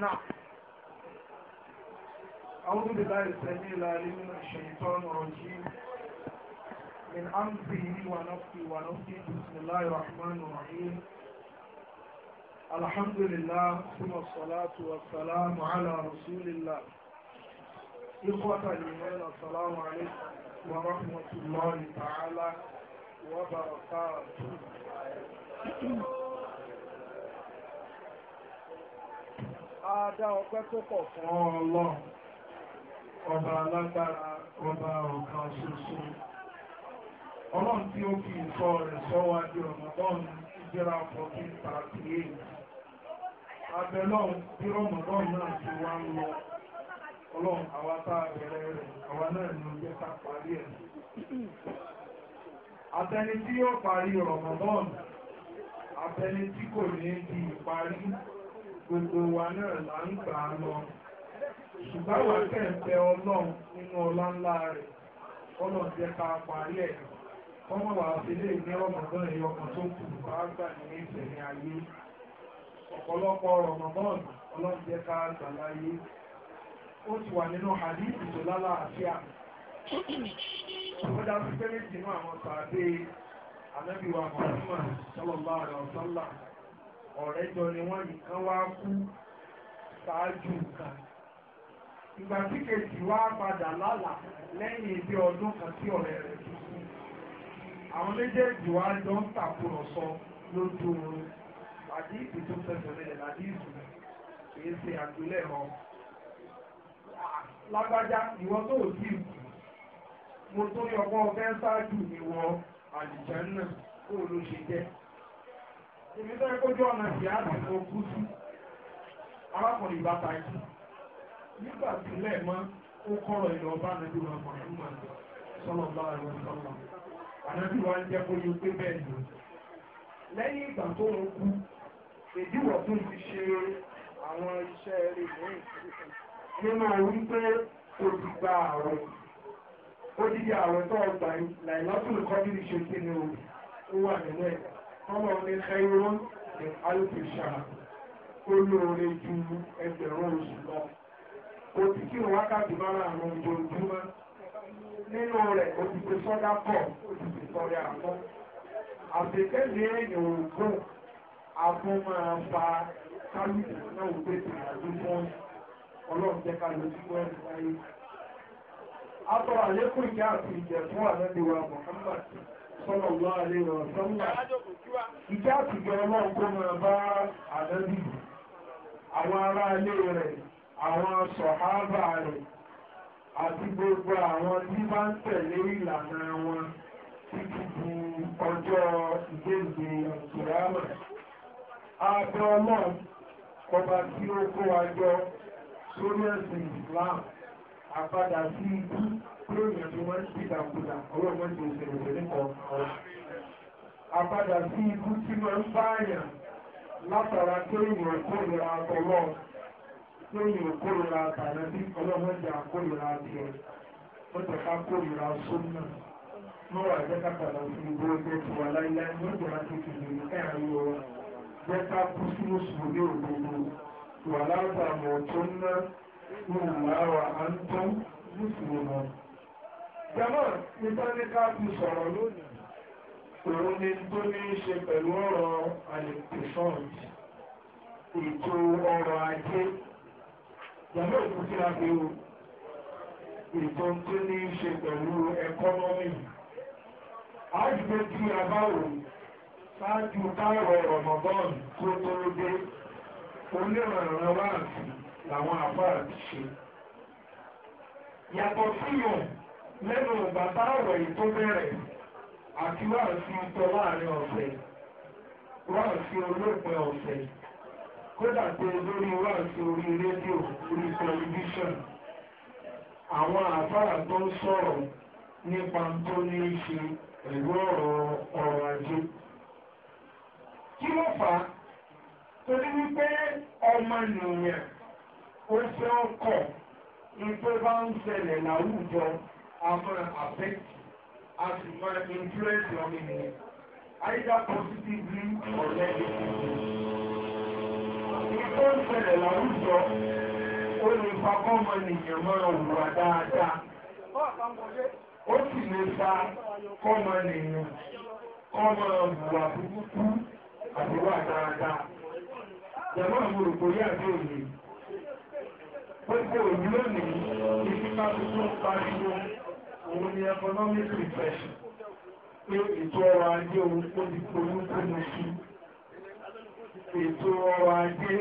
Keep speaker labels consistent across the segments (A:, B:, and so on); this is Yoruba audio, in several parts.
A: نعم أعوذ بالله السميع العليم من الشيطان الرجيم من أمره ونفسي ونفسي بسم الله الرحمن الرحيم الحمد لله ثم الصلاة والسلام على رسول الله إخوة الإيمان السلام عليكم ورحمة الله تعالى وبركاته Adá ọpẹ́ tó pọ̀ fún Ọlọ́run, ọba alágbára, ọba ọ̀kan ṣoṣo. Ọlọ́run tí ó fi ìṣọ́ rẹ̀ ṣọ́wá di Ramadan ìjẹ́ra 1438. Abẹ́lọ́run tí Ramadan náà ti wá ń lọ. Ọlọ́run àwa bẹ̀rẹ̀ rẹ̀, àwa náà ni ó jẹ́ ká parí ẹ̀. Ramadan, àtẹni tí kò ní di gbogbo wa náà là ń gbà á lọ ṣùgbọ́n wà kẹ́ẹ̀fẹ́ ọlọ́run nínú ọlá rẹ̀ jẹ́ ká parí ẹ̀ kọ́mọ̀ wà sí ilé ìní ọmọdún ẹ̀yọ kan tó kù bá gbà ní ọ̀pọ̀lọpọ̀ ọlọ́run jẹ́ ká gbà láyé ó ti wà nínú lálàáfíà sí pé àwọn ọ̀rẹ́jọ ni wọ́n nìkan wá kú ṣáájú nǹkan ìgbà tí kejì wá padà lálà lẹ́yìn ibi ọdún kan tí ọ̀rẹ́ rẹ̀ ti kú àwọn méjèèjì wá jọ ń tàkùrọ̀sọ lójú oorun àti ìpè tó fẹsẹ̀ lẹ́yìn láti ìsù kìí ṣe àgbélẹ̀ ọ lágbájá ìwọ tó ò tí ì kù mo tó yọ ọgbọ́n ọgbẹ́ ṣáájú ìwọ àlìjẹ́ náà kó ló ṣe jẹ́ èmi tó yẹ kó jẹ́ ọ̀nà ìyá àti tó kú sí arákùnrin ìbáta yìí nígbà tí ilẹ̀ mọ́ ó kọ́rọ̀ ìlọ ọba ànábì wa mọ̀ ẹ̀rú màá sọ́nà ọba ẹ̀rọ sọ́nà ànábì wa ń jẹ́ kó yẹ pé bẹ́ẹ̀ lò lẹ́yìn ìgbà tó ń kú èdíwọ̀ tó ti ṣe àwọn iṣẹ́ rẹ̀ lẹ́yìn nínú wípé o ti gba ààrẹ ó dídí ààrẹ tó ọgbà láìlọ́tún kọ́ bí ìṣe kí ni ó wà nínú ẹ̀ka tọ́lọ̀ ní ẹ̀yọ́n ní alùpùpù ó lóore ju ẹgbẹ̀rún oṣù lọ. Kò tí kí wọ́n wákàtí bára àwọn ojoojúmọ́. Nínú rẹ̀ òtítì sọ́dá pọ̀, òtítì sọ́dá àpọ̀. Àṣekẹ́lẹ̀ èèyàn òògùn àbọ̀ máa fa kálùkù náà gbé tìrìnàjò fún ọlọ́run jẹ́ ká lójú wọ́n ẹ̀sìn láyé. Atọ́ àlékún ìyá àti ìjẹ̀ fún àlẹ́ sọ́nà lọ́wọ́ àlejò sọ́nà ìjà àtìgbẹ́ ọlọ́run kó máa bá ànábì àwọn ará ilé rẹ̀ àwọn sọ̀hábà rẹ̀ àti gbogbo àwọn tí bá ń tẹ̀lé ìlànà wọn títí di ọjọ́ ìgbéǹde ìkìlámà. Abẹ́ ọlọ́run kọba tí ó kó wa jọ àpadà sí ikú lónìí tí wọ́n ti dàkúdà ọlọ́mọ ti òṣèlú òṣèlú kan. Àpadà sí ikú tí máa ń báyàn látara kéèyàn kórìíra ọlọ́ kéèyàn kórìíra tàbí ọlọ́mọ jà kórìíra tiẹ̀ ó jẹ́ ká kórìíra sómìnà mọ́ wà jẹ́ ká padà sí ibo ẹgbẹ́ ti wà láíláí ní ọjọ́ láti kìlì ẹ̀rín wọn jẹ́ ká kú sí oṣù ní òdodo wà látàmọ̀ tó ná ní ìlà wa à ń tán ní ìsinmi wọn jẹ́mọ́ nítọ́níká ti sọ̀rọ̀ lónìí òun ni tó ní í ṣe pẹ̀lú ọ̀rọ̀ alẹ́pẹ̀sọ́ọ̀tì ètò ọrọ̀ ajé jẹ́mọ́ ìlú tí a fi wo ètò tó ní í ṣe pẹ̀lú ẹkọ́nọ́mì àjùgbé tí a bá wò ṣáájú káàrọ̀ Ramadan tó tó dé onírànràn wáàtì làwọn àfáà ti ṣe yàtọ̀ síyàn lẹ́nu bàbá ọ̀rọ̀ yìí tó bẹ̀rẹ̀ àti wá sí ìtọ́ láàrin ọ̀sẹ̀ wá sí olóògbé ọ̀sẹ̀ kódà pé lórí wá sí orí rédíò orí tẹlifíṣàn àwọn àfáà tó ń sọ̀rọ̀ nípa tó ní í ṣe pẹ̀lú ọ̀rọ̀ ọ̀rọ̀ ajé. kí ló fà á torí wípé ọmọnìyàn ó fẹ́ ọkọ̀ ní pé bá ń ṣẹlẹ̀ láwùjọ a máa affect a sì máa influence ọmọ ènìyàn either positively or negatively. Ìgbà ń ṣẹlẹ̀ ènìyàn máa wùwà dáadáa. Ó sì lè fa kọ́mọ ènìyàn kọ́mọ wùwà burúkú àbúwà dáadáa.
B: àwọn olùkórí àti òun ni economic depression
A: pé ètò ọrọ̀ ajé òun ó ti polúkúmu sí ètò ọrọ̀ ajé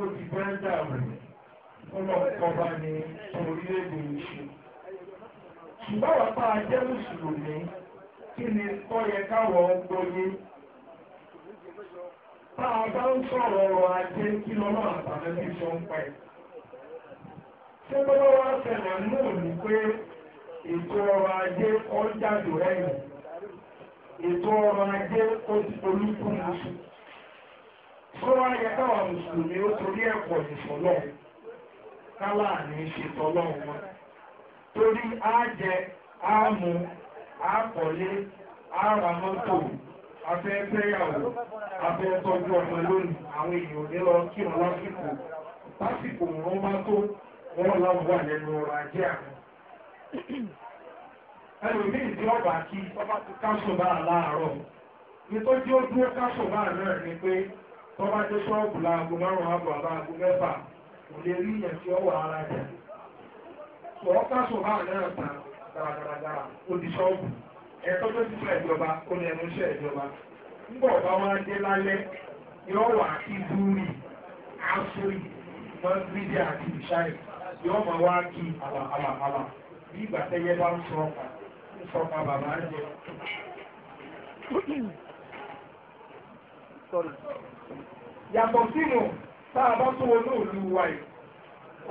A: ó ti dẹ́ńdà rẹ̀ ọlọ́pọ̀ọba ni orílẹ̀-èdè ìṣe ṣùgbọ́n wà bá ajẹ́ mùsùlùmí kí ni tó yẹ káwọ̀ gbóyé tá a bá ń sọ̀rọ̀ ọrọ̀ ajé kí lọ́nà àtàlẹ́bí sọ ń pẹ́ ṣé bọ́lá wá ṣẹlẹ̀ náà ní pé ètò ọrọ̀ ajé ọjàdò ẹ̀yìn ètò ọrọ̀ ajé olúkún musu tó wá yẹ káwà mùsùlùmí ó torí ẹ̀kọ́ ìfọ̀lọ́ kálá ní ṣètọ́lọ́ wọn torí àràmọ́tò afẹ́fẹ́yàwó afẹ́tọ́jú ọmọ lónìí àwọn èèyàn ní lọ kí wọn lásìkò lásìkò wọn bá tó wọn láwọn wà lẹ́nu ọrọ̀ ajé àwọn ẹlòmíì tí ọba kí ọba ti káṣùbà láàárọ̀ ní tó tí ó dúró káṣùbà náà ni pé tọ́ba dé ṣọ́ọ̀bù láago márùn-ún àbọ̀ mẹ́fà lè rí ìyẹn tí ara rẹ̀ sọ ọ náà dáradára ó di ṣọ́ọ̀bù ẹ̀tọ́ tó ti fẹ́ ìjọba ó ní ẹnu iṣẹ́ ìjọba ńgbọ̀ ọba dé lálẹ́ wà kí dúrì ásírì àti ìṣáì mọ̀ wá bí ìgbà tẹ́yẹ bá ń sọ ọkà ń sọ ọkà bàbá ń jẹ. yàtọ̀ sínú tá a bá tó wọnú òlu wa yìí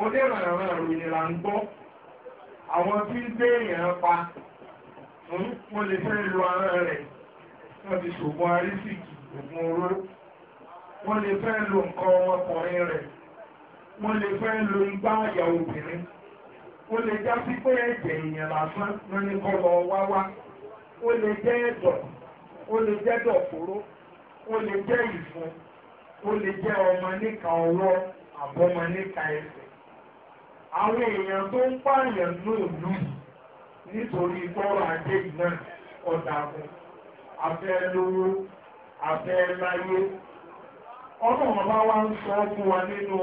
A: onírànràn ìròyìn là ń gbọ́ àwọn tí ń gbé èèyàn pa hmm, wọ́n lè fẹ́ lo ara rẹ̀ wọ́n ti ṣògùn arísìkì ògùn oró wọ́n lè fẹ́ lo nǹkan ọmọkùnrin rẹ̀ wọ́n lè fẹ́ lo igbá àyà obìnrin ó lè já sí pé ẹ̀jẹ̀ èèyàn lásán ló ní kọ́ lọ wá wá ó lè jẹ́ ẹ̀dọ̀ ó lè jẹ́ dọ̀fóró ó lè jẹ́ ìfun ó lè jẹ́ ọmọ níka ọwọ́ àbọ̀mọ níka ẹsẹ̀ àwọn èèyàn tó ń pààyàn lóòlù nítorí gbọ́rọ̀ ajé náà lówó láyé wa nínú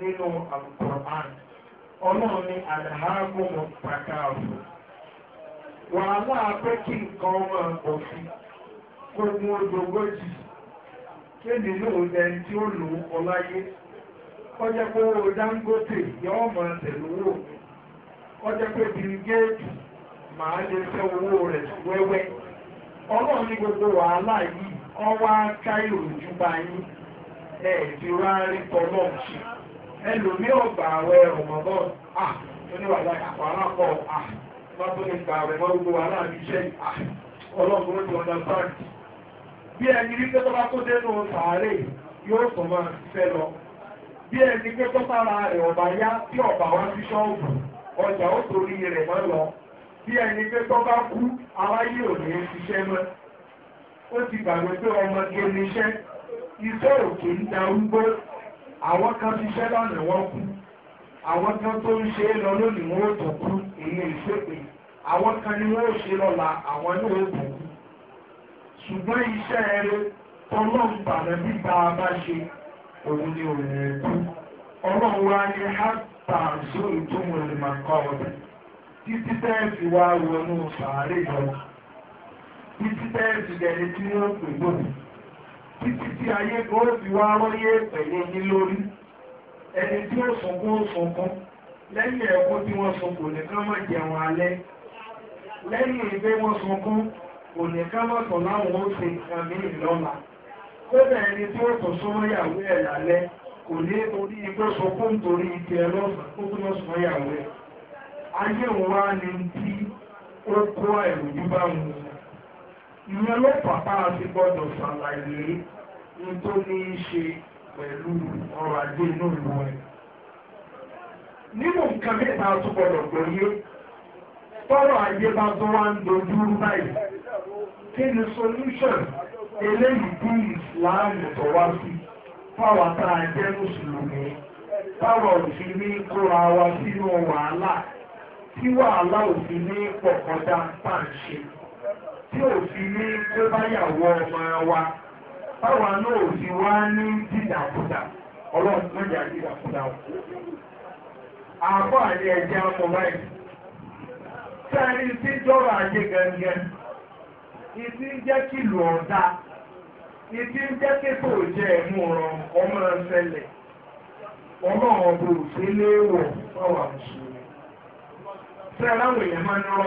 A: nínú alukur'an ọlọ́run ní alhakumu pàtàkì wàhálà pé kí nǹkan ọmọ òfin kó mú ojogójì kéde náà lẹni tí ó lò ó ọláyé kọjá pé owó Dangote yọ ọmọ tẹlówó kọjá pé bírígéètì màá lè fẹ́ owó rẹ̀ wẹ́wẹ́ ọlọ́run ní gbogbo wàhálà yìí ọwọ́ aká ìròjú bá yín ẹ̀ẹ́dì rárí tọ́lọ́ọ̀ṣì. ẹlòmí ọgbà àwẹ̀ ọ̀mọ̀bọ̀n à oníwàlá àpárá pọ̀ à má tó ní gbà àwẹ̀ mọ́ gbogbo wa láàrin iṣẹ́ à ọlọ́run ti understand bí ẹni rí pé tọ́ba kó dénú sàárè yóò sọ máa fẹ́ lọ bí ẹni pé tọ́sára rẹ̀ ọ̀bà yá tí ọ̀bà wá sí ṣọ́ọ̀bù ọjà ó torí rẹ̀ mọ́ lọ bí ẹni pé tọ́ba kú aráyé ò ní ṣiṣẹ́ mọ́ ó ti gbàgbé pé ọmọ gé níṣẹ́ iṣẹ́ òkè ń darúgbó àwọn kan ti ṣẹ́ lọ́nà wọ́n kú àwọn kan tó ń ṣe é lọ lónìí wọn tó kú ìyẹn ìṣèpè àwọn kan ni wọn ó ṣe lọ́la àwọn náà ó bù kú ṣùgbọ́n iṣẹ́ eré tọlọ́mùbàdà bí bá a bá ṣe òun ni òun ẹ̀kú ọlọ́run wa ni hátà sóòrò tó mọ̀ lè máa kọ́ ọ̀dẹ̀ títí tẹ́ẹ̀sì wa wọnú sàárè lọ títí tẹ́ẹ̀sì dẹni tí wọ́n pè lónìí títí tí ayé kó fi wá rọ́yé pẹ̀lú yí lórí ẹni tí ó sunkún ó sunkún lẹ́yìn ẹ̀kún tí wọ́n sunkún nìkan má jẹun alẹ́ lẹ́yìn ìgbé wọ́n sunkún kò nìkan mọ́tọ̀ láwọn ó ṣe nǹkan mìíràn lọ́la kódà ẹni tí ó tọ̀ súnmọ́ yàwó ẹ̀ lálẹ́ kò ní orí igbó sunkún torí ti ẹ kó tó lọ́sùnmọ́ yàwó ìyẹn ló pàpá àti gbọ́dọ̀ ṣàlàyé ní tó ní í ṣe pẹ̀lú ọrọ̀ ajé inú ìlú ẹ̀. nínú nǹkan mẹ́ta tó gbọ́dọ̀ gbòye tọ́rọ̀ ajé bá tó wá ń dojú báyìí kí ni solution eléyìí bí ìsìláàmù tó wá sí fáwọn tá a jẹ́ mùsùlùmí táwọn òfin ní kóra wa sínú wàhálà tí wàhálà òfin ní pọ̀ kọjá pàǹṣe. tí ò fi ní kó báyàwó wa báwa náà ò fi wá ní dídàkudà ọlọ́run mọ́jà dídàkudà o. àbọ̀ àti ẹ̀jẹ̀ báyìí. tí jọ́rọ̀ ajé gẹ́gẹ́ ìdí ń jẹ́ kìlù ìdí ń jẹ́ jẹ́ ẹ̀mú ọmọ ọmọ wọ̀ láwọn èèyàn máa ń rọ́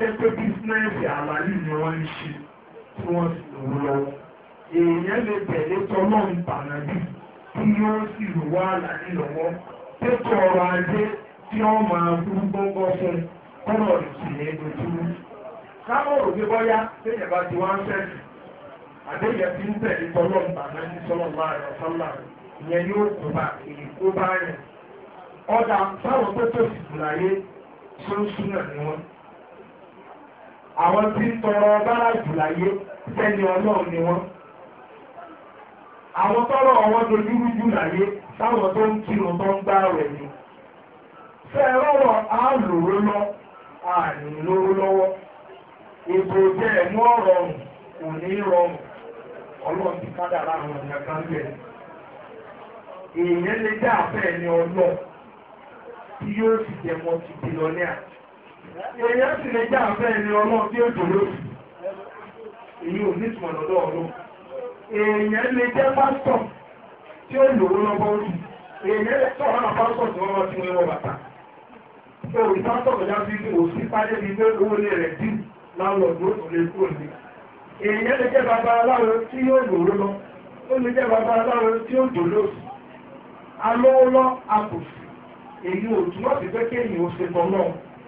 A: jẹ́ pé bísínẹ́sì àlàyé ni wọ́n ń ṣe tí wọ́n sì lówó lọ́wọ́ èèyàn lè tẹ̀lé tọ́lọ́run pànàbí tí yóò sì lówó àlàyé lọ́wọ́ tètò ọrọ̀ ajé tí wọ́n máa burú gbọ́ngọ́ fún kọ́nà ìsìn ní ojú. káwọn òbí bọ́yá téèyàn bá ti wá sẹ́sì àbẹ́yẹ ti ń tẹ̀lé tọ́lọ́run pànàbí sọ́lọ́mọ́ àyọ̀ sọ́lá ìyẹn yóò kó bá èyí kó bá yẹn. ọ̀dà àwọn tí ń tọrọ bára jùláyé sẹ́ni ọlọ́run ni wọ́n àwọn tọrọ wọn dojúrú jùláyé sáwọn tó ń kírun tó ń gbá rẹ̀ ni fẹ́ á lòró lọ àní lóró lọ́wọ́ ètò jẹ́ ẹ̀mú ọ̀rọ̀rùn kò ní rọrùn ọlọ́run ti kádàrá àwọn ìyá kan bẹ̀ èèyàn lè jẹ́ àfẹ́ ẹni ọlọ́ tí yóò sì jẹ́ mọ́ ti
B: èyí sì lè
A: jẹ́ àfẹ́ ẹni ọlọ́run tí ó jòló èyí ò ní ìtumọ̀ lọ́dọ̀ ọlọ́run èèyàn lè jẹ́ pásítọ̀ tí ó lòó lọ́gbọ́n rí èèyàn lè sọ̀rọ̀ náà pásítọ̀ tí wọ́n máa ti wọ́n bàtà pásítọ̀ sí pé owó rẹ̀ dì lè kúrò ní lè tí lòó lọ ó lè jẹ́ bàbá aláwo tí ó jòló alówó àpòsí èyí ò túmọ̀ sí pé kéèyàn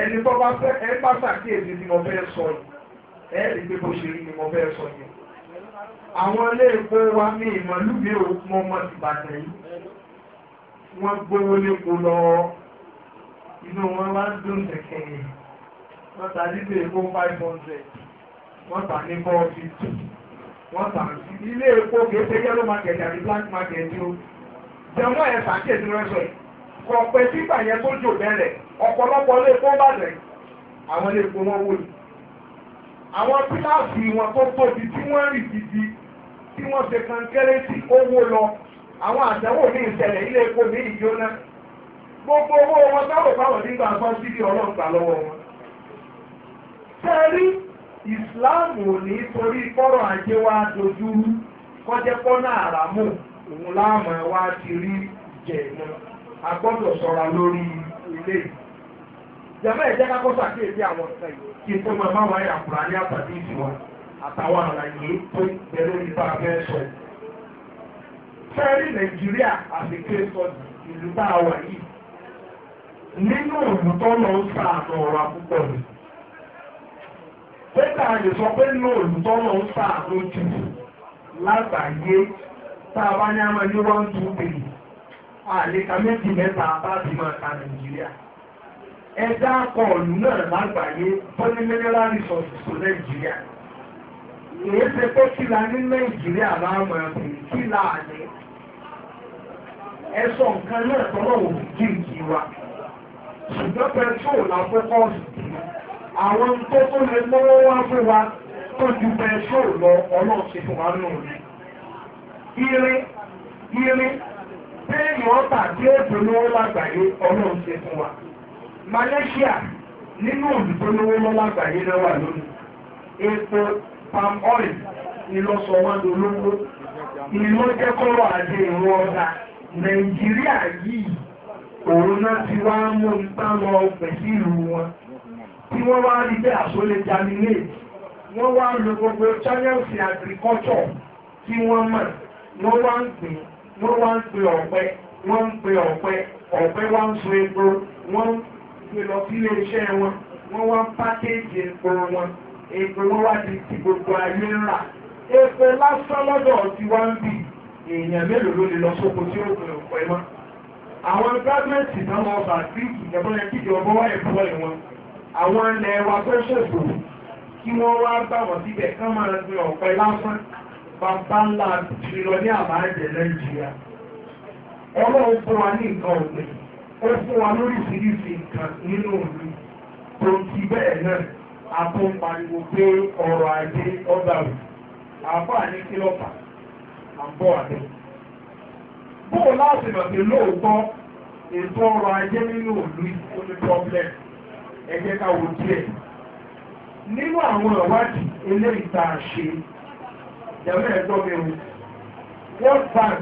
A: ẹni tó bá fẹ́ ẹ bá ṣàkíyèsí ni mo fẹ́ sọ yìí ẹ rí pé bó ṣe rí ni mo fẹ́ sọ yìí àwọn ilé epo wa ní ìmọ̀lú mi ò mọ ọmọ ìbàdàn yìí wọ́n gbówó lépo lọ inú wọn máa ń dùn sẹ̀kẹ̀yìn wọ́n ta nílé epo five hundred wọ́n ta ní four fifty wọ́n ta ilé epo kìí ṣe yellow market àti black market yìí o jẹ́wọ́n ẹ̀ sàkíyèsí rẹ̀ kọ̀ọ̀pẹ́ sígbà yẹn tó jò bẹ̀rẹ̀ ọ̀pọ̀lọpọ̀ ilé epo bàdẹ̀ àwọn ilé epo wọn wò ní. àwọn kíláàsì wọn tó tóbi tí wọ́n rì gidi tí wọ́n ṣe owó lọ àwọn àtẹ̀wò ní ìṣẹ̀lẹ̀ ilé epo ní gbogbo owó wọn fáwọn nígbà sí wọn. sẹ́rí ò ní torí wa àràmù òun wa ti rí a gbọ́dọ̀ ṣọ́ra lórí ilé ìjọba ẹ̀jẹ̀ kákọ́ sàkíyèsí àwọn ọ̀sẹ̀ yìí kí tó máa bá wáyà kúrò ní àtàdé ìsìnwá àtàwọn àlàyé tó bẹ lórí bá fẹ́ sọ. fẹ́ẹ́rì nàìjíríà àfikún sọ ìlú bá wà yìí nínú lọ ń sọ pé nínú lọ ń jù lágbàáyé tá one two three. àlèkà méjì mẹ́ta bá ti máa ta nàìjíríà ẹ̀dá kọ̀ọ̀lù náà lágbàáyé tó ní mineral resources tó nàìjíríà èyí ṣe pé kí la ní nàìjíríà láàmú ẹ̀sìn kí la àní ẹ̀sọ̀ nǹkan náà tọ́lọ̀ òfin jíǹkì wa ṣùgbọ́n pẹtrol la fọ́kọ́ọ̀sì àwọn tó tó lè mọ́wọ́ wá fún wa tó ju pẹtrol lọ ọlọ́ọ̀ṣẹ́ fún wa náà rí irin irin téèmù ọ̀tà tí ó dolówó lágbàáyé ọlọ́run ṣe fún wa Malaysia nínú olùdolówó lágbàáyé náà wà lónìí epo palm oil ìlọsọ wọn dolówó Imo àti ìlú ọ̀tà Nàìjíríà yìí òun náà ti wá mú nípa lọ pẹ̀sí ìlú wọn tí wọ́n wá rí bẹ́ẹ̀ àsólè jaminate. Wọn wá lo gbogbo channels agriculture tí wọn wọn wá ń wọ́n wá ń pe ọ̀pẹ wọ́n ń pe ọ̀pẹ ọ̀pẹ wá ń so epo wọ́n ń pe lọ sí ilé iṣẹ́ wọn wọ́n wá ń pákéjì epo wọn epo wọn wá di ti gbogbo ayé ńlá epo lásán lọ́dọ̀ ti wá ń bì èèyàn mélòó ló lè lọ sóko tí ó pe ọ̀pẹ mọ́ àwọn gbágbẹ́ǹtì náà lọ bà gíríkì ẹ̀bọ́n ẹ̀kí ìjọba wáyé púpọ̀ ìwọn àwọn ilẹ̀ wa tó ṣètò kí wọ́n wá gbà wọ́n síbẹ̀ kán máa gbin ọ̀pẹ lásán bàbá ńlá jùlọ ní àbájẹ́ nàìjíríà ọlọ́run fún wa ní nǹkan ọ̀gbìn ó fún wa lóríṣiríṣi nǹkan nínú òlu tó ti bẹ́ẹ̀ náà àtúnpariwo pé ọrọ̀ ajé àbọ̀ àdé. láti mọ̀ pé lóòótọ́ ètò ọrọ̀ ajé nínú díẹ̀. jẹ̀mọ́ ẹ̀gbọ́n mi o World Bank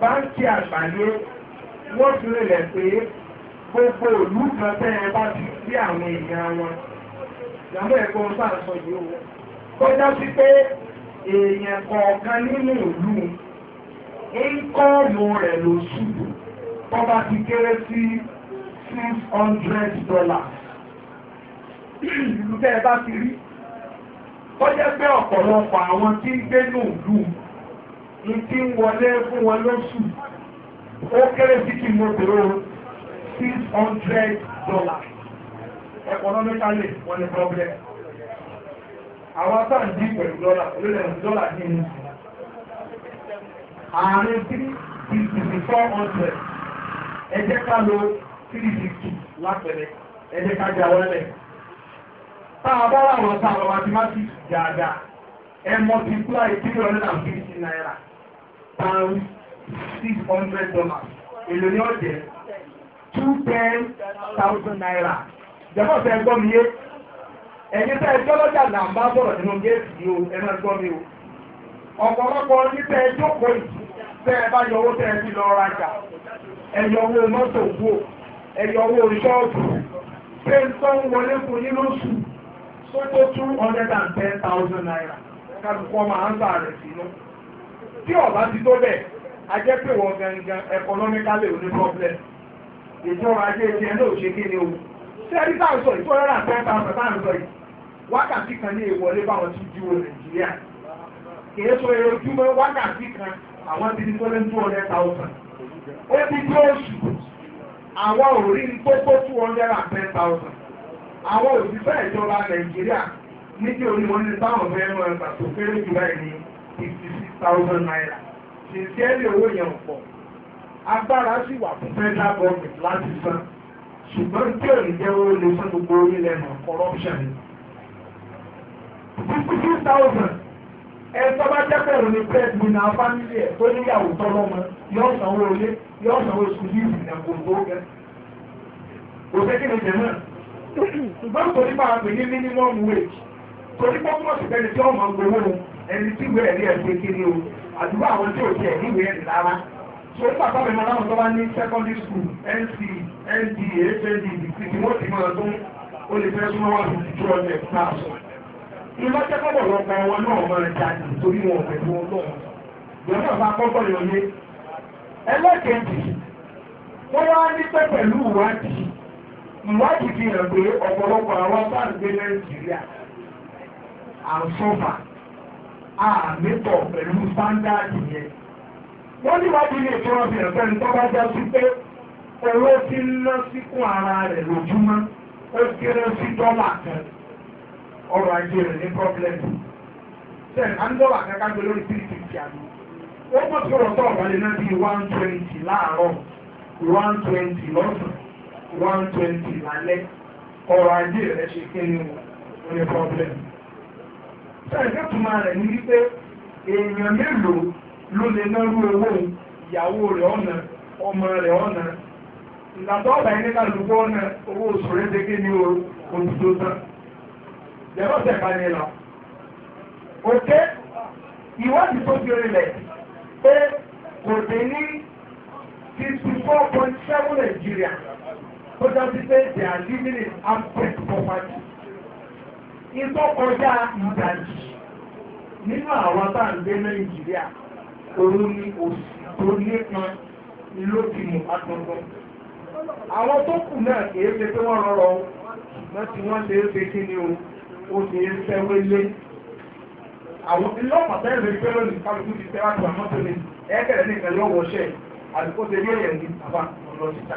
A: báńkì àgbáyé wọ́n fi rẹ̀ pé gbogbo òlú kan tẹ́ ẹ bá ti sí àwọn èèyàn wọn jẹ̀mọ́ ẹ̀gbọ́n bá sọ yìí o kọjá sí pé èèyàn kọ̀ọ̀kan nínú ìlú íńkọ́ọ̀mù rẹ̀ lóṣù tó bá ti kéré sí six hundred dollars ìlú tẹ́ ẹ bá ti rí kọjá pé ọ̀pọ̀lọpọ̀ àwọn tí ń gbé ní òlú ní tí ń wọlé fún wọn lóṣù ó kéré sí kí mo bèrè six hundred dollars economically wọ́n problem àwọn tá à ń dín pẹ̀lú dọ́là orílẹ̀-èdè dọ́là ní ìlú àárín three sixty four hundred ẹ jẹ́ ká lò three sixty lápẹ̀rẹ̀ ẹ jẹ́ ká jà wọlé táà bá wà wọ́n sáà wọ́n mathematics dáadáa ẹ multiply three hundred and fifty naira times six hundred dollars èlò ní ọ̀jẹ̀ two ten thousand naira jẹ́fọ́ fẹ́ gbọ́ mi yé ẹ̀yin tẹ́ ẹjọ́ lọ́jà là ń bá sọ̀rọ̀ nínú géètì yìí o ẹ máa gbọ́ mi o ọ̀pọ̀lọpọ̀ nípa ẹjọ́ kò yìí tẹ́ ẹ bá yọwó tẹ́ ẹ ti lọ rajà ẹ̀yọ owó mọ́tò wò ẹ̀yọ owó ṣọ́ọ̀bù pé ń tọ́ ń wọlé fún yín lóṣù tó two hundred and ten thousand naira kálukú ọmọ ansa rẹ̀ sínú tí ti tó bẹ̀ ajẹ́ gangan economically oní problem ìjọba ajé ti ẹ̀ náà ṣe kéde o sẹ́rí tá sọ yìí two hundred and wákàtí kan ní ìwọlé báwọn ti ju Nàìjíríà sọ wákàtí kan àwọn ti di tó lé two hundred thousand ó ti tó ní tó tó two hundred and ten thousand. àwọn òṣìṣẹ́ ìjọba nàìjíríà níbi oníwọ̀n ní táwọn fẹ́ mọ ẹgbà tó báyìí ní fifty six thousand naira owó yẹn pọ̀ agbára sì wà fún federal government láti san ṣùgbọ́n tí ò ní jẹ́ owó lè san gbogbo orílẹ̀ náà corruption fifty six thousand ẹ tọ́ba ẹ̀ tó tọ́lọ́mọ yóò ṣùgbọ́n torí máa pè ní minimum wage torí pé wọ́n ti bẹ́ni tí ọmọ gbowó ẹni tí ìwé ẹ̀rí ẹ̀gbẹ́ kiri o àdúgbò àwọn tí ò tiẹ̀ níwèé ẹ̀rí rárá torí bàbá mi máa láwọn tó bá ní secondary school nc nd hnd tí wọ́n ti máa tún ó lè fẹ́ súnmọ́ wà fún two hundred thousand. ìlú ọjọ́ kọ́bọ̀ lọ́pọ̀ wọn náà máa jáde torí wọn ò fẹ́ fún ọlọ́run ìyọ́nà bá kọ́kọ́ yọ ní ẹlẹ́kẹ̀ẹ́dì wọ́n wá ní pẹ́ pẹ̀lú ìwádìí ìwádìí fi hàn pé ọ̀pọ̀lọpọ̀ àwọn sáàgbé nàìjíríà àǹsọ́fà àmìtọ̀ pẹ̀lú sáńdáàdì yẹn wọ́n níwádìí lè tó ọbẹ̀ ẹ̀fẹ́ ntọ́bájá sí pé owó tí ń ná síkún ara rẹ̀ lójúmọ́ ó kéré sí dọ́là kan ọrọ̀ ajé rẹ̀ ní pọ́blẹ́mù ten andọ́là kan lórí wọ́n ọ̀bàlẹ̀ one twenty láàárọ̀ one twenty lọ́sàn one twenty lálẹ́ ọrọ̀ ajé rẹ̀ ṣe kí ni o ní problem. sẹ́yìn tó tún máa rẹ̀ ní wípé èèyàn mélòó ló lè nárú owó ìyàwó rẹ̀ ọ̀nà ọmọ rẹ̀ ọ̀nà ìlàtọ̀ ọ̀bà yìí nígbà lùgbọ́ ọ̀nà owó oṣù rẹ̀ ṣe kí ni o òdùdó tán. jẹ́wọ́ sẹ̀ka ni lọ. òkè ìwádìí tó fi rinlẹ̀ pé kò dé ní fifty four point seven Nàìjíríà tó dájú pé they are living in abject poverty. Ìtọ́ kọjá ìdajì nínú àwọn bá ń gbé Nàìjíríà òun ni òsì tó nípọn ló ti mú agbọ̀ngàn. Àwọn tó kù náà kìí ṣe pé wọ́n rọrọ̀ o, ṣùgbọ́n tí wọ́n ṣe é ṣe kí ni o, ó ṣe é fẹ́ wélé àwọn ilé ọ̀pàá ẹ̀rọ ìfẹ́ lónìí kálukú ti tẹ́lá tó àmọ́tò ní ẹ̀ẹ́kẹ̀rẹ́ ní ìkàlẹ́ ọ̀wọ́ṣẹ́ àdìpọ̀ tẹ̀lé ẹ̀yẹ̀ ní àbá ọ̀lọ́sítà.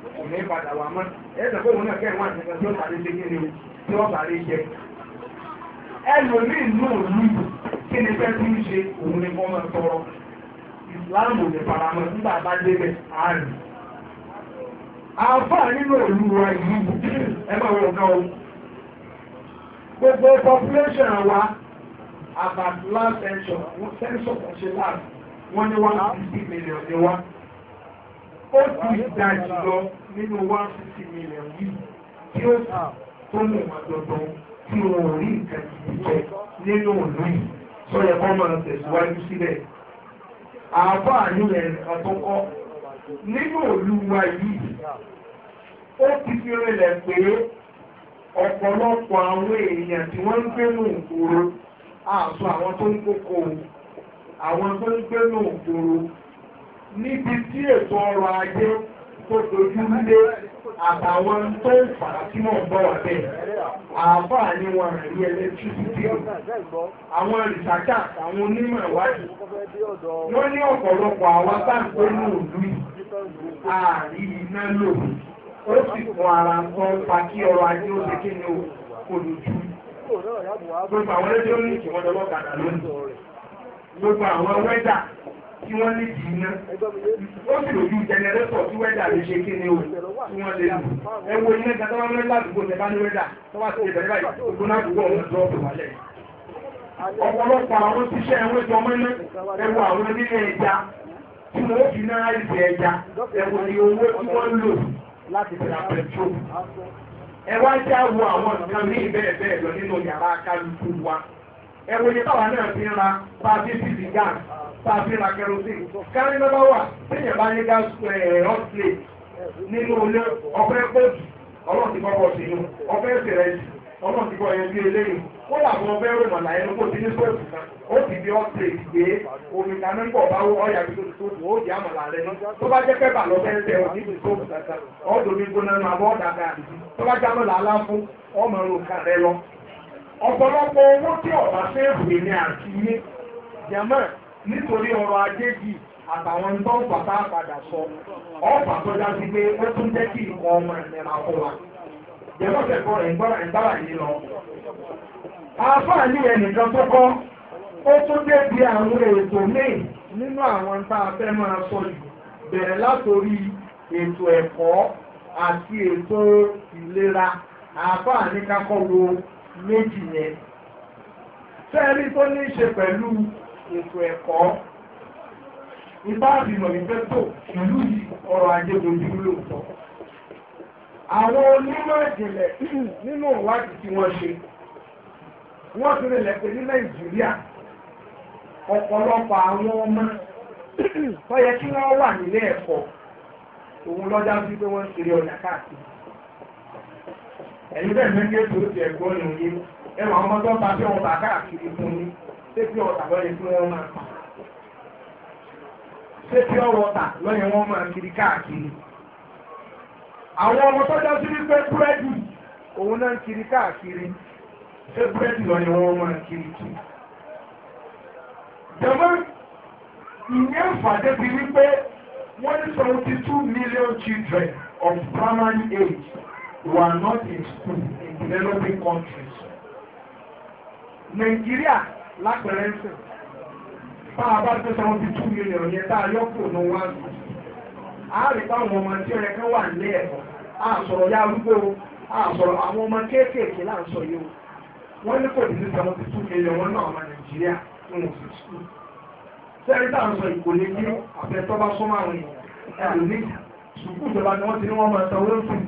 A: kò ní wà mọ́ ẹ̀sẹ̀ pé òun náà kẹ́ ìwọ̀n àti ẹ̀sẹ̀ tí ó ṣe kí ni tí wọ́n sàrí ṣe ẹlòmíì náà lù kí ni fẹ́ tí ń ṣe òun ni tọrọ ìsìláàmù nígbà bá wọ o gbogbo population wa about last century last wọ́n ní one fifty million ní wa. ó ti ìdájì lọ nínú one fifty million yìí tí ó sà tó mú wọn dandan tí wọn ò rí nǹkan ìdíjẹ nínú òlú yìí tó yẹ kó máa tẹ̀síwájú sílẹ̀. àbá àníyàn ẹ̀ka tó kọ́ nínú òlú wa yìí ó ti fi rinlẹ̀ pé ọ̀pọ̀lọpọ̀ àwọn èèyàn tí wọ́n ń gbé ní òkúrò àṣọ àwọn tó ń kókó àwọn tó ń gbé ní òkúrò níbi tí ètò ọrọ̀ ajé tó dojú lé àtàwọn tó ń fà tí wọ́n ń bọ̀ wà bẹ́ẹ̀. àáfàá ni wọ́n rẹ̀ ní ẹlẹ́tírísítì àwọn rìsákà àwọn onímọ̀ ìwádìí. wọ́n ní ọ̀pọ̀lọpọ̀ àwọn báńkì ní òlú ààrí iná lò ó sì fún ara tó ń fa kí ọrọ̀ ajé ó ṣe kí ni kò lójú.
B: gbogbo àwọn ẹlẹ́tírísítì
A: wọn lọ́kàdà lónìí gbogbo àwọn wẹ́dà tí wọ́n lè dì í ná ó sì lòdì jẹnẹrétọ̀ tí wẹ́dà lè ṣe kí ni o tí wọ́n lè lò ẹ wo iná ìgbà tó wá lọ́dà àdúgbò tẹ̀ bá wẹ́dà tó wá sí ìbẹ̀rẹ̀ báyìí ògbó náà àdúgbò ọ̀hún dúrọ́ọ̀bù wálẹ̀ ọ̀pọ̀lọpọ̀ àwọn tíṣẹ́ ẹ̀wọ́n jọ mọ́ná ẹ wo àwọn nílé ẹja tí wọ́n fi náà ìfẹ́ ẹja ẹ wo ni owó tí wọ́n lò láti fi àpẹ̀tò ẹ wá já àwọn nǹkan ní ìbẹ́ẹ̀ lọ nínú yàrá kálukú wa ẹ̀rọ yẹn táwa náà fi ra pàbí bìbì gáà pàbí ra kerosene kárí lọ́ba wà téèyàn bá yẹ gáàsì ọ̀sìlẹ̀ nínú ilé ọ̀fẹ́ pọ̀jù ọlọ́run ti kọ́ bọ̀ sínú ọ̀fẹ́ ìṣẹ̀rẹ̀jì ọlọ́run ti kọ́ ẹ̀yẹ bí eléyìí ó làwọn ọbẹ̀ rò mọ̀lá ẹnu kó ti ní sóòtù kan ó sì bí ọ̀sẹ̀ gbé omi kaná pọ̀ bá wọ ọ̀yà bí tó tó ó jẹ́ àmàlà rẹ̀ náà tó bá jẹ́ pẹ́bà lọ́bẹ̀ ẹsẹ̀ ò ní sóòtù
B: kankan ọ̀dọ̀
A: mi gbóná nu àbọ̀ ọ̀dà kan tó bá jẹ́ àmàlà aláfún ọmọ òrùka rẹ lọ ọ̀pọ̀lọpọ̀ owó tí ọ̀pá fẹ́ẹ̀bù èmi àti ilé jẹ̀mọ́ nítorí ọrọ̀ ajé yìí àtàwọn tó ń pàtà padà sọ ọ̀pá tó já sí pé ó tún jẹ́ kí nǹkan ọmọ wa jẹ̀mọ́ kẹ́kọ̀ọ́ ìgbára yìí lọ. àáfàá ẹnìkan tó kọ́ ó tún dé bí àwọn ètò míì nínú àwọn tá méjì yẹn fẹ́ẹ̀rí tó ní ṣe pẹ̀lú ètò ẹ̀kọ́ ìbáàbìmọ̀ ìfẹ́tò ìlú yìí ọrọ̀ ajé dojú lóòótọ́ àwọn onímọ̀ ìjìnlẹ̀ nínú ìwádìí tí wọ́n ṣe wọ́n ti rìnlẹ̀ pé ní Nàìjíríà ọ̀pọ̀lọpọ̀ àwọn ọmọ tó yẹ kí wọ́n wà nílé ẹ̀kọ́ òun lọ́jà sí pé wọ́n ń ṣeré ọjà káàkiri ẹ̀yin bẹ́ẹ̀ méjì ètò ó ti ẹ̀gbọ́ ní oyé ẹwà ọmọ tó bá bí ọba káàkiri fún yín ṣé bí ọ̀tà lọ́yẹ fún wọn máa tà ṣé bí ọ̀tà lọ́yẹ wọn máa kiri káàkiri. àwọn ọmọ tó jásí wípé búrẹ́dì òun náà ń kiri káàkiri ṣé búrẹ́dì
B: lọ́yẹ wọn máa kiri kí.
A: jọ̀mọ́ ìyẹn fàdébi wípé wọ́n ní seventy two million children of primary age. who are not in school in developing countries. Nigeria lápẹẹrẹ ń sìn. Bá a bá tó seventy two million yẹn tá a yọ kúrò ní one six. A rí báwọn kan wà nílé ẹ̀kọ́. A sọ̀rọ̀ ya arúgbó o. A sọ̀rọ̀ àwọn ọmọ kéékèèké là ń sọ o. Wọ́n ní kò two million wọn náà ọmọ Nàìjíríà ń wò sí school. ń sọ ìkò lè àfẹ́tọ́ bá àwọn èèyàn. Ẹ̀rù ní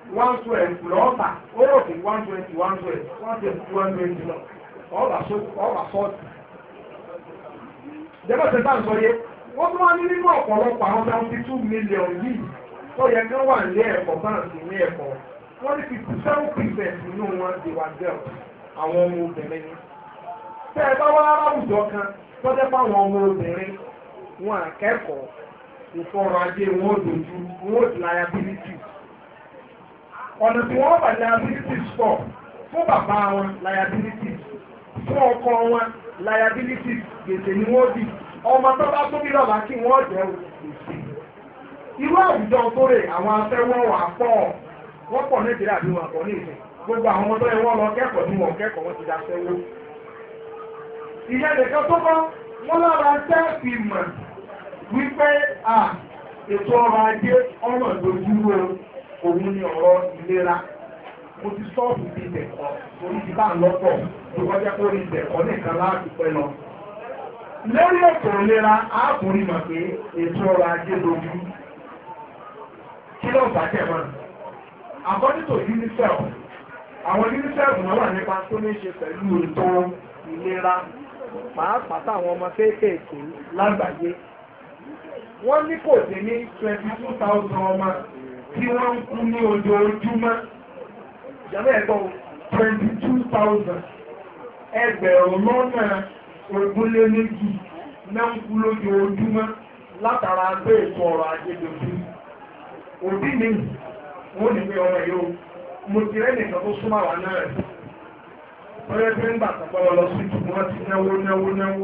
A: one twenty lọ́ọ̀bà ó rò pé one twenty one twenty one twenty one twenty lọ ọ̀bà sọ́ọ̀tì. jẹ́bọ̀ tẹ bá ń sọ yé wọ́n tún wá ní nínú ọ̀pọ̀lọpọ̀ àwọn seventy two million yìí tó yẹ kí wọ́n wà ní ẹ̀kọ́ báǹkì ní ẹ̀kọ́ wọ́n ní fifty seven percent nínú wọn di wa girls àwọn ọmọ obìnrin ni. tẹ́ ẹ bá wá láwùjọ kan tọ́jẹ́ fáwọn ọmọ obìnrin wọn àkẹ́kọ̀ọ́ ìfọ̀rọ̀ ajé wọn ò dojú wọn ò di liabilities ọ̀nà tí wọ́n wà liabilities for fún bàbá wọn liabilities fún ọkọ wọn liabilities gbèsè ni wọ́n dì ọmọ tó bá tóbi lọ́la kí wọ́n jẹ́ gbèsè irú àwùjọ tó rè àwọn afẹ́wọ́n wà pọ̀ wọ́n pọ̀ nàìjíríà bí wọn àpọ̀ ní ìsìn gbogbo àwọn ọmọ tó yẹ wọ́n lọ kẹ́kọ̀ọ́ bí wọn kẹ́kọ̀ọ́ wọn ti da fẹ́wọ́ ìyẹn nìkan tó kọ́ wọ́n lára sẹ́ẹ̀fì mọ̀ wípé ètò ọrọ̀ ajé ọ̀nà lójú o òun ni ọ̀rọ̀ ìlera mo ti sọ́ọ̀bù bíi tẹ̀kọ́ torí ti bá ń lọ́pọ̀ tó kọjá pé ó ní nìkan láti pẹ́ lọ. lórí ètò ìlera àákùnrin mọ̀ pé ètò ọrọ̀ ajé lójú kí ló ń bàjẹ́ mọ́ UNICEF àwọn UNICEF náà wà nípa tó ní ṣe pẹ̀lú ètò ìlera pàápàá táwọn ọmọ kéékèèké lágbàáyé tí wọ́n kú ní ojoojúmọ́ ìjọba ẹ̀gbọ́n twenty ẹgbẹ̀rún lọ́nà náà kú látara gbé ètò ọ̀rọ̀ òbí mi wọ́n ní pé ọmọ yìí mo ti tó náà ọ̀rẹ́ ń gbà lọ sí láti náwó náwó náwó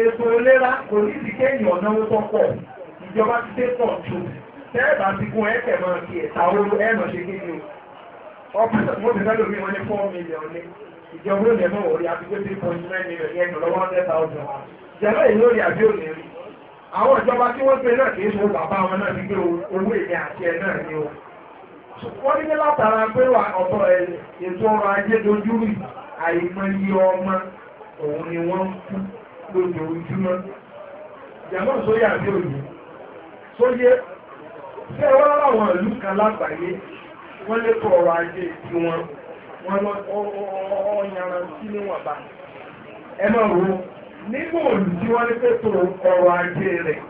A: ètò ìlera kò ní ti kéèyàn náwó tó pọ̀ ìjọba ti dé pọ̀ tó tẹ́ẹ̀bà ti gun ẹ̀kẹ̀ máa fi ẹ̀ta oró ẹ̀nà ṣe kí ni o ọ̀pọ̀lọpọ̀ mo ti fẹ́ lómi wọn ní four million ní ìjọba ó lẹ̀ mọ́ orí àfikún three point nine million ní ẹ̀nà lọ́wọ́ hundred thousand ìjọba èyí lórí àbí òní rí àwọn ìjọba tí wọ́n gbé náà kì í ṣe bàbá wọn náà nígbé owó èmi àti ẹ̀ náà ni o wọ́n ní látara pé ọ̀tọ̀ ètò ọrọ̀ ajé dojúrì àìmọye ọmọ òun ni wọ́n ń kú lójoojúmọ́ ìyàmọ́ sóyà bí òní sóyé tí ẹ wọ́n láwọn ìlú kan lágbàáyé wọ́n lé kọ́ ọrọ̀ ajé tí wọ́n wọ́n lọ ọ̀yanra sí níwọ̀n bá ẹ mọ̀ wo nígbà òlù tí wọ́n lé pé tó ọrọ̀ ajé rẹ̀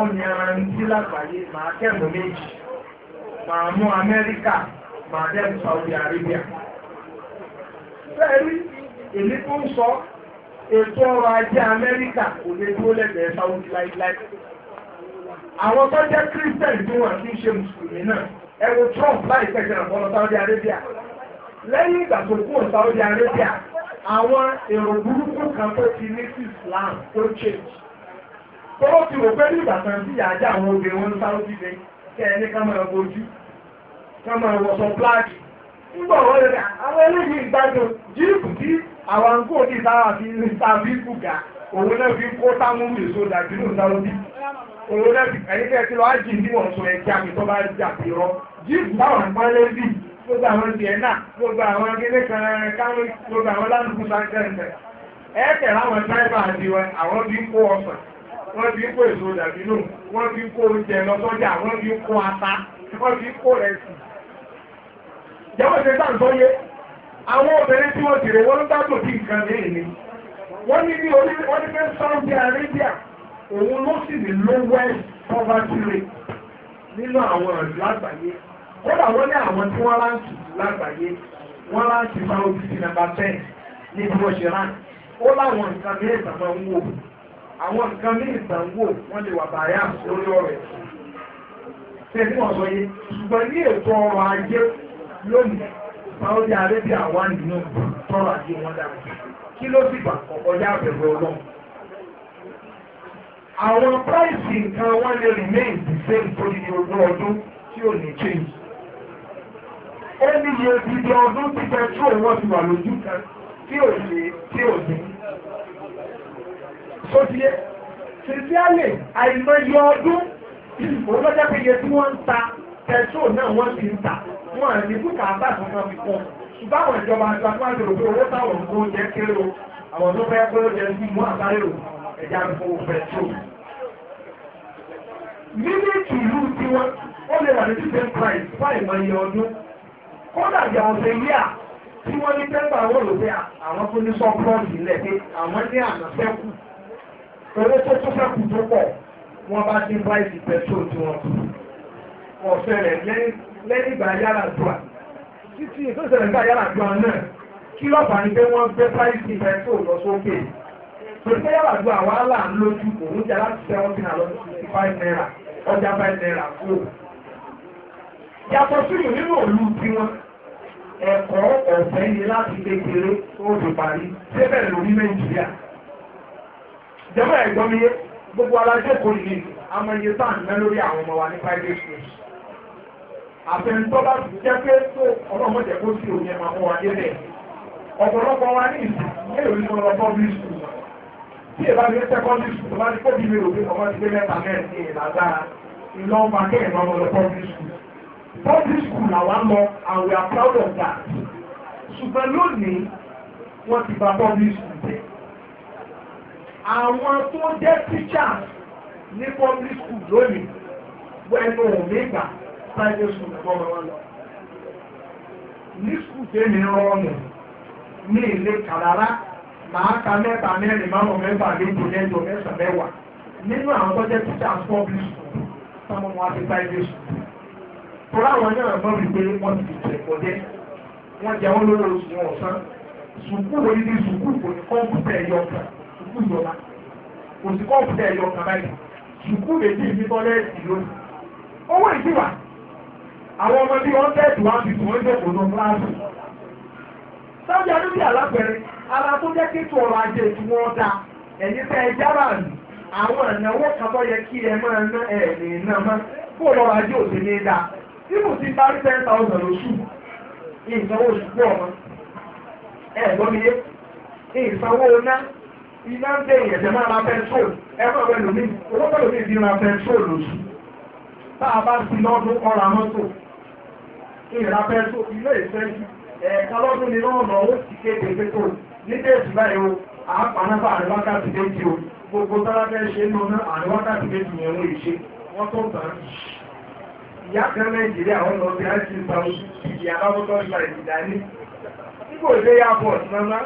A: ọ̀yanra sí lágbàáyé màá kẹ́mù méjì màá mú Amẹ́ríkà màá Saudi Arabia. èmi sọ ètò ọrọ̀ ajé amẹ́ríkà kò lè dúró lẹ́gbẹ̀ẹ́ sáwùdí láíláí àwọn tó jẹ́ christian tí wọ́n ti ń ṣe mùsùlùmí náà ẹ wo trump láìpẹ́ ìṣẹ̀lẹ̀ fọ́nà saudi arabia lẹ́yìn ìgbà tó kúrò saudi arabia àwọn èrò burúkú kan tó ti ní sí islam tó change tó ti rò pé nígbà kan sí ìyájà àwọn obìnrin wọn ní saudi ní kẹ́ ẹ ní ká máa bojú ká máa wọṣọ pláàkì ńgbọ̀ wọ́n lè àwọn eléyìí ìgbádùn jíìpù tí àwọn nǹkó ti sára fi ń ta bí òun náà fi kó táwọn mú èso dàbí ló dáwọ́ bí òun náà fi ẹni kẹ́ ti ní wọ́n sọ tó bá jà pé rọ jíìpù àpálẹ́ gbogbo àwọn náà gbogbo àwọn akéde fi kó èso dàbí fi kó oúnjẹ wọ́n fi kó ata wọ́n fi kó ẹ̀sìn jẹ́wọ́ ṣe tá à ń sọ yé àwọn obìnrin tí wọ́n tìrè wọ́n ń gbádùn sí nǹkan lẹ́yìn ni wọ́n ní bí wọ́n ní pé Saudi Arabia òun ló sì ní lowest poverty rate nínú àwọn ìlú àgbáyé kódà wọ́n ní àwọn tí wọ́n ráǹkì lágbàáyé wọ́n ráǹkì Saudi sí nàmbà ten ní bí wọ́n ṣe ráǹkì ó láwọn nǹkan ní ìtàmọ́ ń wò àwọn nǹkan ní ìtàmọ́ wọ́n lè wà bàyà lórí ọ̀rẹ́ tẹ̀síwọ̀n sọ yé ṣùgbọ́n ní ètò ọrọ̀ ajé lónìí Saudi Arabia wà nínú tọrọ àti wọn dàrú kí ló sì bà ọjà bẹ̀rẹ̀ ọlọ́run. àwọn price nǹkan wọn lè remain the same torí ogún ọdún tí ò ní change. ó ní iye odidi ọdún tí petrol wọn ti wà lójú kan tí ò lè tí ò ní. sọ́tíyé sincerely àìmọye ọdún òun lọ́jọ́ pé iye tí wọ́n ń ta petrol náà wọ́n ti ń ta wọn à ní bùkà àbá tó kan fi kún ṣùgbọ́n àwọn ìjọba àti àti wájú òfin owó táwọn ń gbóúnjẹ kéré o àwọn tó fẹ́ pé ó jẹ sí mú àbáyé o ẹ̀já fún pẹ̀tró. mílíkì ìlú tiwọn ó lè wà ní two ten price fáìmọ iye ọdún kódà bí àwọn ṣe yí à tí wọ́n ní tẹ́gbà wọ́n lò pé àwọn tó ní sọ́pọ́ọ̀sì lẹ̀ pé àwọn ní àná fẹ́kù owó tó tó fẹ́kù tó pọ̀ wọ́n bá dín price pẹ̀tró tí wọ́n kù ọ̀fẹ́ rẹ̀ lẹ́yìn lẹ́yìn ìgbà yàrá àdúrà títí ìtòsẹ̀lẹ̀ ìgbà yàrá àdúrà náà kí lọ́pàá ní pé wọ́n gbé fáìsì pẹ̀tò lọ sókè pẹ̀lú yàrá àdúrà wàhálà ń lójú òun jẹ́ láti lọ sí naira ọjà five naira kúrò. yàtọ̀ nínú òlu tiwọn ẹ̀kọ́ ọ̀fẹ́ ni láti kékeré ó ti parí débẹ̀ lórí nàìjíríà. jẹ́mọ̀ ẹ̀gbọ́n mi gbogbo alájẹ́kọ̀ọ́ yìí ń mẹ́ lórí àwọn ọmọ wa ní private schools. àfẹnudọ́lá ti jẹ́ pé tó ọlọ́mọdé kó sí òun yẹn máa mú wa débẹ̀ ọ̀pọ̀lọpọ̀ wa ní ìsìn mélòó ní mo lọ public school tí èbá ní secondary school bá ní kó bí mélòó pé ọmọ ti gbé mẹ́ta mẹ́rin ní ìlàdá iná ọmọ akẹ́yìn máa mọ lọ public school public school làwa lọ and we are proud of that ṣùgbọ́n lónìí wọ́n ti bà public school jẹ́ àwọn tó jẹ́ teachers ní public school lónìí wẹ́nu ò ní gbà private school ẹ̀gbọ́n wọn lọ ní skul tèmi rọrùn ní ilé kàràrà màá ka mẹ́ta mẹ́rin márùn mẹ́fà méje mẹ́jọ mẹ́sàn mẹ́wàá nínú àwọn tó jẹ́ teachers public school táwọn wọn ti private school torí àwọn náà mọ̀ wípé wọ́n ti tẹ̀ ẹ̀kọ́ jẹ́ wọ́n jẹ́ wọ́n lórí oṣù wọn ọ̀sán sùkúù wo ní sùkúù kò ní kọ́ǹpútà ẹ̀yọ kan sùkúù ìjọba kò sí kọ́ǹpútà ẹ̀yọ kan báyìí sùkúù méjì ní tọ́lẹ́ẹ̀tì lónìí owó ìdíwà àwọn ọmọ bí wọ́n tẹ́ẹ̀tù wá fi tún wọ́n jẹ́ òun náà kíláàsì. sáwọn yàrá bí alápẹ̀rẹ̀ ara tó jẹ́ kéètò ọrọ̀ ajé tí wọ́n dá ẹ̀yìn tẹ́ ẹ jábà ní àwọn ìnáwó kan tó yẹ kí ẹ máa ná ẹ̀ ní iná mọ́ kó lọ́rọ̀ ajé òsè ní dá ibù ti bá rí ten thousand lóṣù ìsanwó oṣù pọ̀ ọmọ ẹ̀ lọ́mìyé ìsanwó ná iná ń dé ìyẹ̀jẹ̀ máa ra pẹ́trol ẹ máa wẹ̀ lómi owó pẹ̀lú mi ìdí ra pẹ́trol lóṣù tá a bá sí lọ́dún ọ̀rọ̀ àmọ́tò ìrànpẹ́ tó ilé ìfẹ́jú ẹ̀ẹ̀kan lọ́dún ni lọ́ọ̀nà ó ti kéde pé tó nígbà èsì báyìí o àápàánáfà àríwákàtí méjì o gbogbo tọ́lábẹ́ ṣe ń lọ́nà àríwákàtí méjì yẹn wọ́n ìṣe wọ́n tó gbà ń ìyá kan nàìjíríà wọn lọ bí áìsì ìta oṣù ìdí alábọ́tọ́ ìgbà ìdá ní nígbò ilé yá bọ̀ nánà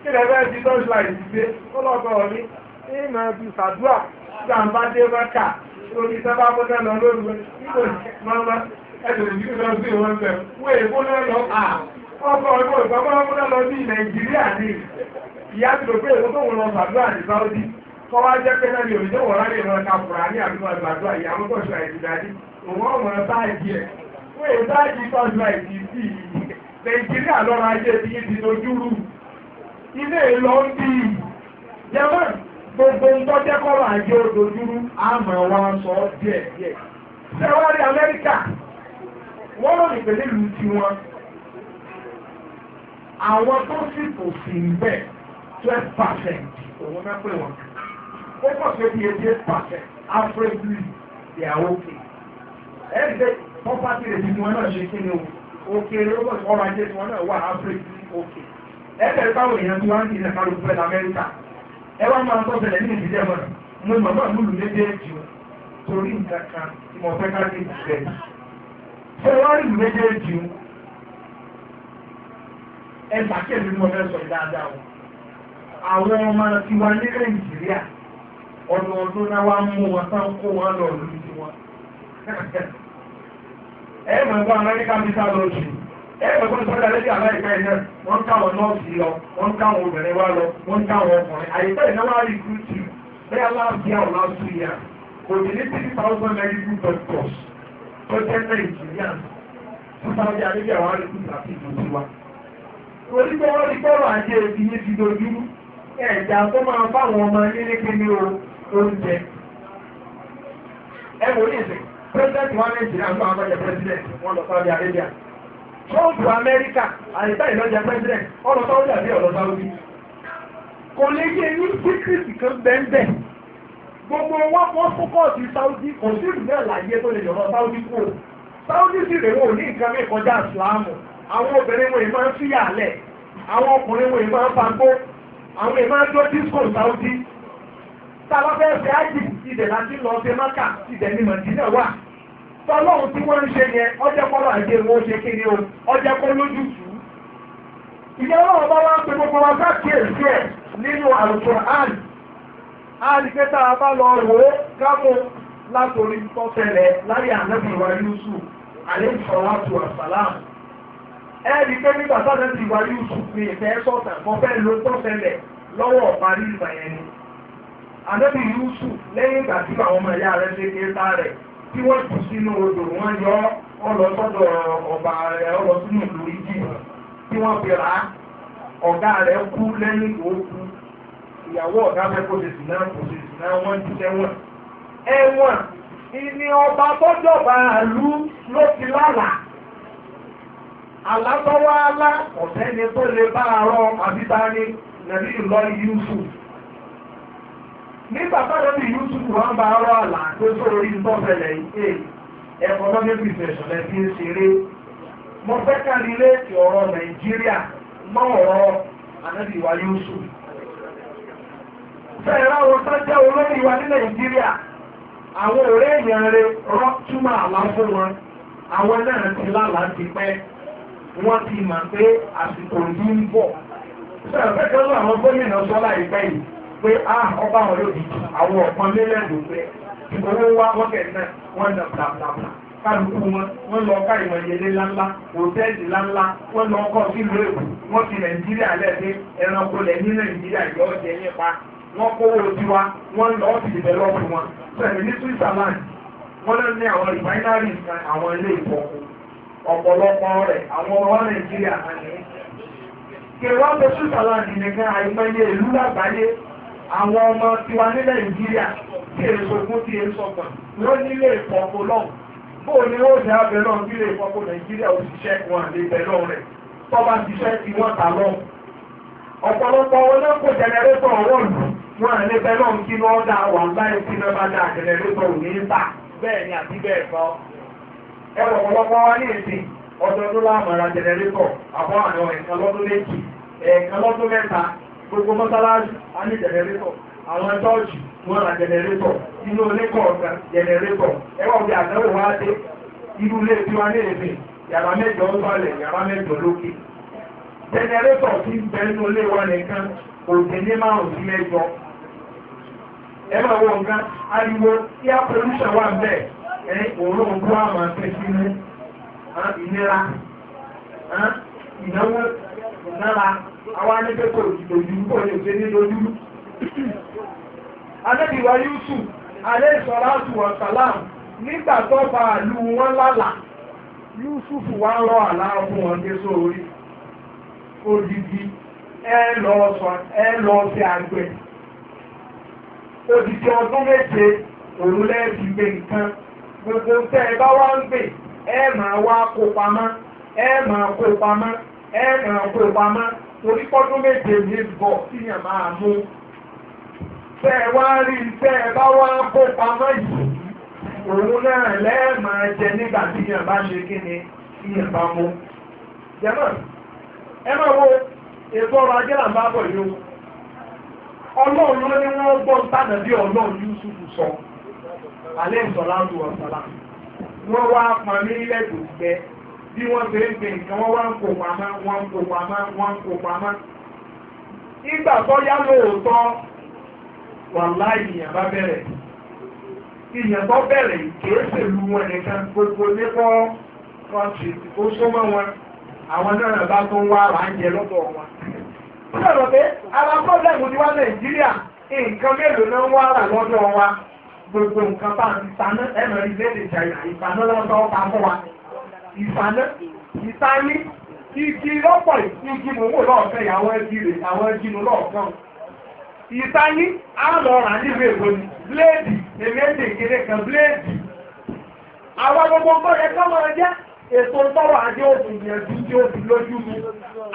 A: kí lẹ́gbẹ́ ti tọ́jú àìsí pé ọlọ́gbọ́n ọ̀ní ìmọ̀ ibi ìsàdúrà gbàǹbá dé mẹ́ta lórí sábà mọ́tà lọ lórí nígbò nánà ẹ̀sùn ìdílé lọ sí wọn bẹ̀ wọ́n èkó náà lọ à ọkọ̀ ọkọ̀ ìpamọ́ náà lọ ní nàìjíríà ní ìyá tó pé èkó tó wọn lọ gbàdúrà ní sáúdí kọ́ wá jẹ́ pé náà ní òní tó wọ́n rárá ìran kàfùrà ní àdúgbò àgbàdúrà ìyá mọ́tò ṣọ àìsídájí òun ọmọ táàjì ẹ̀ wọ́n èyí táàjì tọ́jú àìsí sí nàìjíríà lọ́rọ̀ ajé ti yé ti lójúrú ilé ìlọ ń bí jẹ́mọ́ gbogbo ń tọ́jẹ́ kọ́rọ̀ ajé òdòdúrú àmọ́ wa sọ díẹ̀ díẹ̀ ṣẹ́wárí amẹ́ríkà wọ́n rò ní pẹ̀lú ìlú tiwọn àwọn tó sì kò sí ń bẹ̀ twelve percent òun náà pè wọ́n ó pọ̀ sí eighty eight percent averagely they are okay ẹ̀rí pé property rate tiwọn náà ṣe kí ni o òkèèrè ó pọ̀ sí ọrọ̀ ajé tiwọn náà wà averagely okay ẹ̀ẹ́dẹ̀rẹ́ báwọn èèyàn tí wọ́n ń dìde kálu pẹ̀lú Amẹ́ríkà ẹ wá máa tọ́ bẹ̀rẹ̀ ní ìdílé mọ́ra mo màmá mi lù méjèèjì o torí nǹkan kan tí mo fẹ́ ká lè bẹ̀rẹ̀. tẹ́wọ́rì méjèèjì ń ẹgbà kéèmí mo fẹ́ sọ dáadáa o àwọn ọmọ tiwa ní nàìjíríà ọ̀nà ọdún náà wá mú wọn tán kó wọn lọ lù sí wọn ẹ mọ̀ ẹ̀kọ́ amẹ́ríkà ẹ mọ̀ ẹ̀kọ́ lẹ́sí amẹ́ríkà wọ́n ń káwọn nọ́ọ̀sì lọ wọ́n ń káwọn obìnrin wá lọ wọ́n ń káwọn ọkùnrin tó jẹ́ nàìjíríà tó sáré àríwá wà lórí ìgbàfíì tó ti wá. torí pé wọ́n ti gbọ́rọ̀ ajé ibi yìí ti dojú ẹ̀dá tó máa fáwọn ọmọ nílé kí ní oúnjẹ. ẹ wò ní ìsìn pírẹsidẹ́ntì wa nàìjíríà ń bá wọn jẹ pírẹsidẹ́ntì wọn lọ sáré àríwá. Trump Amẹ́ríkà àìsá ìlọ́jà pẹ́sidẹ̀ntì ọlọ́sáwọ́jà bí ọlọ́sáwọ́bí. kò lè yé ní síkírìtì kan bẹ́ẹ̀ bẹ́ẹ̀ gbogbo wa wọ́n Saudi kò sí ìlú láyé tó lè yọ̀rọ̀ Saudi Saudi sì ní nǹkan kọjá àwọn obìnrin wọn máa ń fìyà lẹ̀ àwọn ọkùnrin wọn máa ń fagbó Saudi ájì maka ìdè ní Madina wà tọ́lọ́hún tí wọ́n ń ṣe yẹn ọjọ́ o ọjọ́ kọ́ lójútùú ìyẹn bá wá gbogbo wa àríkẹ́ tá a bá lọ rò ó gámú látòrí tọ́tẹ̀lẹ̀ láyé ànábì wa yúsù àlẹ́sọ̀rọ̀ àtù àsàlám ẹ̀rí pé nígbà sànábì wa yúsù ní ìfẹ́ sọ̀tà mo fẹ́ lo tọ́tẹ̀lẹ̀ lọ́wọ́ parí ìmọ̀ yẹn ni ànábì yúsù lẹ́yìn ìgbà tí àwọn ọmọ ìyá rẹ̀ ṣe ké tá rẹ̀ tí wọ́n jù sínú odò wọ́n yọ ọlọ sọ́dọ̀ ọba rẹ̀ ọlọ sínú ìlú ìjì tí wọ́n fi rà á ọ̀gá rẹ̀ kú lẹ́yìn ìgbà kú ìyàwó ọ̀dá mẹ́kọ́ ṣe sì náà kò ṣe sì náà wọ́n ti tẹ́wọ̀n ẹ̀wọ̀n ìní ọba tọ́jọba àlú ló ti lálà alátọ́wọ́ alá ọ̀sẹ́ ni tó lè bá arọ́ àbítáni nàbí ìlọrin Yusuf nígbà táwọn ní Yusuf wọn bá arọ́ àlà tó sórí tọ́fẹ̀lẹ̀ ìpè economic recession ẹ̀fí ń ṣeré mo fẹ́ kárí léèkì ọ̀rọ̀ Nàìjíríà mọ́ ọ̀rọ̀ ànábìwá Yusuf fẹ́ẹ̀rẹ́ àwọn tó jẹ́ olórí wa ní nàìjíríà àwọn ọ̀rẹ́ èèyàn rẹ̀ rọ́túmọ̀ àlá fún wọn àwọn náà ti lálàá ti pẹ́ wọ́n ti mà pé àsìkò yìí ń bọ̀ fẹ́ẹ̀rẹ́ pẹ́ẹ́rẹ́ àwọn gómìnà sọ́lá ìpẹ́ yìí pé á ọba àwọn yóò dìjú àwọn ọ̀pọ̀ mílíọ̀nù pé wá náà wọ́n nà kálukú wọn lọ ká ìyẹlé lọ wọ́n kówó tiwa wọ́n lọ sí ìdẹ́lọ́pù wọn sẹ́mi ní Switzerland wọ́n lọ ní àwọn refineries kan àwọn ilé ìfọ̀kù ọ̀pọ̀lọpọ̀ rẹ̀ àwọn ọmọ Nàìjíríà kan ní. kèwà pé Switzerland nìkan àìmọye ìlú lágbàáyé àwọn ọmọ tiwa ní Nàìjíríà tí èso ogún tí èso ọgbọ̀n ló nílé ìfọ̀kù lọ́hùn bóò ni ó ṣe abẹ náà nílé ìfọ̀kù Nàìjíríà òṣìṣẹ́ wọn àlebẹ̀ lọ́rẹ̀ tọ́ bá ṣiṣẹ́ tí wọ́n ta lọ́hùn ọ̀pọ̀lọpọ̀ wọn náà kò jẹnẹrétọ̀ wọ́ọ̀lù wọn àlẹ́ bẹ́ẹ̀ náà ń kí ní ọ́dà wà láì sí náà bá dá jẹnẹrétọ̀ ò ní bà bẹ́ẹ̀ ni àbí bẹ́ẹ̀ kọ́. ẹ wọ wa ní gbogbo á ní jẹnẹrétọ̀ àwọn tọ́ọ̀jì ra jẹnẹrétọ̀ inú jẹnẹrétọ̀ ẹ jẹnẹrétọ̀ tí ń bẹ nínú ilé wa nìkan kò dé ní márùn sí ẹ ariwo tí a pollution wà bẹ́ẹ̀ ẹ òórùn ogún àmọ́ pẹ́ sínú ìnira ìnáwó ìnára àwọn anẹ́gbẹ́kọ̀ ìdòjú kò lè ṣe ní lójú. Adébíwá Yúsù, alẹ́ ìsọ̀láàtù nígbà tó bá wọn odidi ẹ lọ ṣe àgbẹ̀ odidi ọdún méje òun lẹ́ẹ̀fi gbé nǹkan gbogbo tẹ́ ẹ bá wá ń gbè ẹ máa wá kó pamọ́ ẹ máa kó pamọ́ ẹ máa kó pamọ́ torí pọ́dún méje ní bọ̀ síyàn máa mú tẹ́ ẹ wá rí tẹ́ ẹ bá wá kó pamọ́ yìí òun náà lẹ́ẹ̀ máa jẹ nígbà síyàn bá ṣe kí ni síyàn bá mú ẹ máa wo ètò ọrọ̀ ajé là ń bá bọ̀ yìí o ọlọ́run ló ní wọ́n gbọ́ ntànà bí ọlọ́run Yusuf sọ alẹ́ ìsọ̀lá ń lu ọ̀sálà wọ́n wá pa mílíọ̀nù gbẹ bí wọ́n ṣe ń gbé nǹkan wọ́n wá ń kó pamọ́ wọ́n ń kó pamọ́ wọ́n ń kó pamọ́ ìgbà tó yá lóòótọ́ wàhálà ìyàn bá bẹ̀rẹ̀ ìyàn tó bẹ̀rẹ̀ kìí ṣèlú wọn nìkan gbogbo nípa kọ́ńtì ó só mọ́ wọn àwọn náà bá tó ń wá ránjẹ lọ́dọ̀ wọn. Sọ̀rọ̀ pé ara pọ́lẹ́mù ní wá Nàìjíríà nǹkan mélòó náà ń wá rà lọ́dọ̀ wa gbogbo nǹkan bá ìsáná ẹ̀nà ilé lè jà ìsáná lọ́dọ̀ ọ̀pá fún wa. Ìsáná ìsáni igi lọ́pọ̀ igi mò lọ́ọ̀fẹ́ ìyàwó ẹbí rẹ̀ àwọn ẹbí nu lọ́ọ̀kan. Ìsáni á lọ rà nílùú èkó ni bléèdì èmi èdè èso tọ́wọ́ ajé òfin yẹ̀dú tí ó fi lójú mi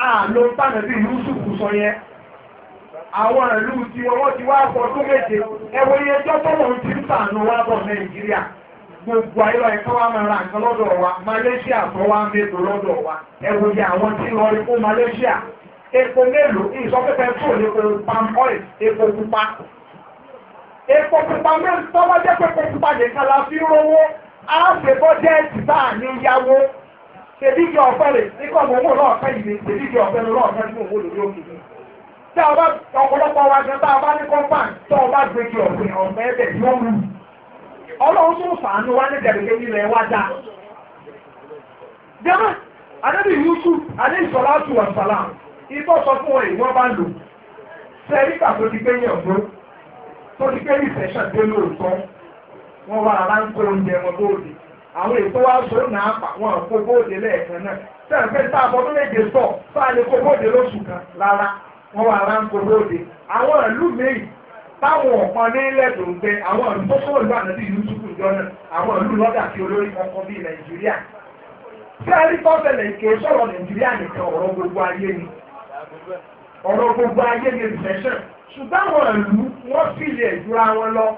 A: àlò tánàbí yúsùfù sọ yẹn àwọn ìlú tí wọ́n ti wá fọdún méje ẹwọ iye ẹjọ́ tọ́wọ́ ti ń tànù wá bọ̀ nàìjíríà gbogbo ayọ́ ẹ̀kọ́ wa máa ra nǹkan lọ́dọ̀ wa malaysia tó wá ń bèèrè lọ́dọ̀ wa ẹwọ iye àwọn tí lọ rí fún malaysia epo mélòó ìsọpẹ́pẹ́ tó lè kó palm oil epo pupa epo pupa mélòó tọ́wọ́ jẹ́ pé epo pupa nìkan la fi rówó as ṣe bọ́jẹ́ẹ̀tì bá a ní yáwó ṣèdíje ọ̀fẹ́ rẹ̀ nígbà mọ̀ owó lọ́ọ̀fẹ́ yìí ni ṣèdíje ọ̀fẹ́ rẹ̀ lọ́ọ̀fẹ́ nínú owó lórí òkè yìí. tí a bá ọ̀pọ̀lọpọ̀ wa gan tá a bá ní compound tó o bá gbèjì ọ̀gbìn ọ̀gbìn ẹ̀bẹ̀ tí ó ọlọ́run tún fàánú wá ní gẹ̀gẹ̀ ilẹ̀ wa dá. jẹ́mọ̀ adébí Yusuf adé ìsọ̀lá tù wà sàlá sọ fún bá lò. sẹ́ríkà tó ti gbé yẹn tó ti gbé dé lóòótọ́ wọ́n wá ara ń oúnjẹ wọn bóde àwọn ètò wa sọ náà pa wọn lẹ́ẹ̀kan náà tá a bọ́ méje sọ tá a lè kó lóṣù kan rárá wọ́n wá ara ń kó àwọn ìlú míì táwọn ọ̀pọ̀ ní lẹ́dùn àwọn ìlú tó sọ̀rọ̀ ìlú ànábì yusufu jọ náà àwọn ìlú a rí tọ́sẹ̀lẹ̀ sọ̀rọ̀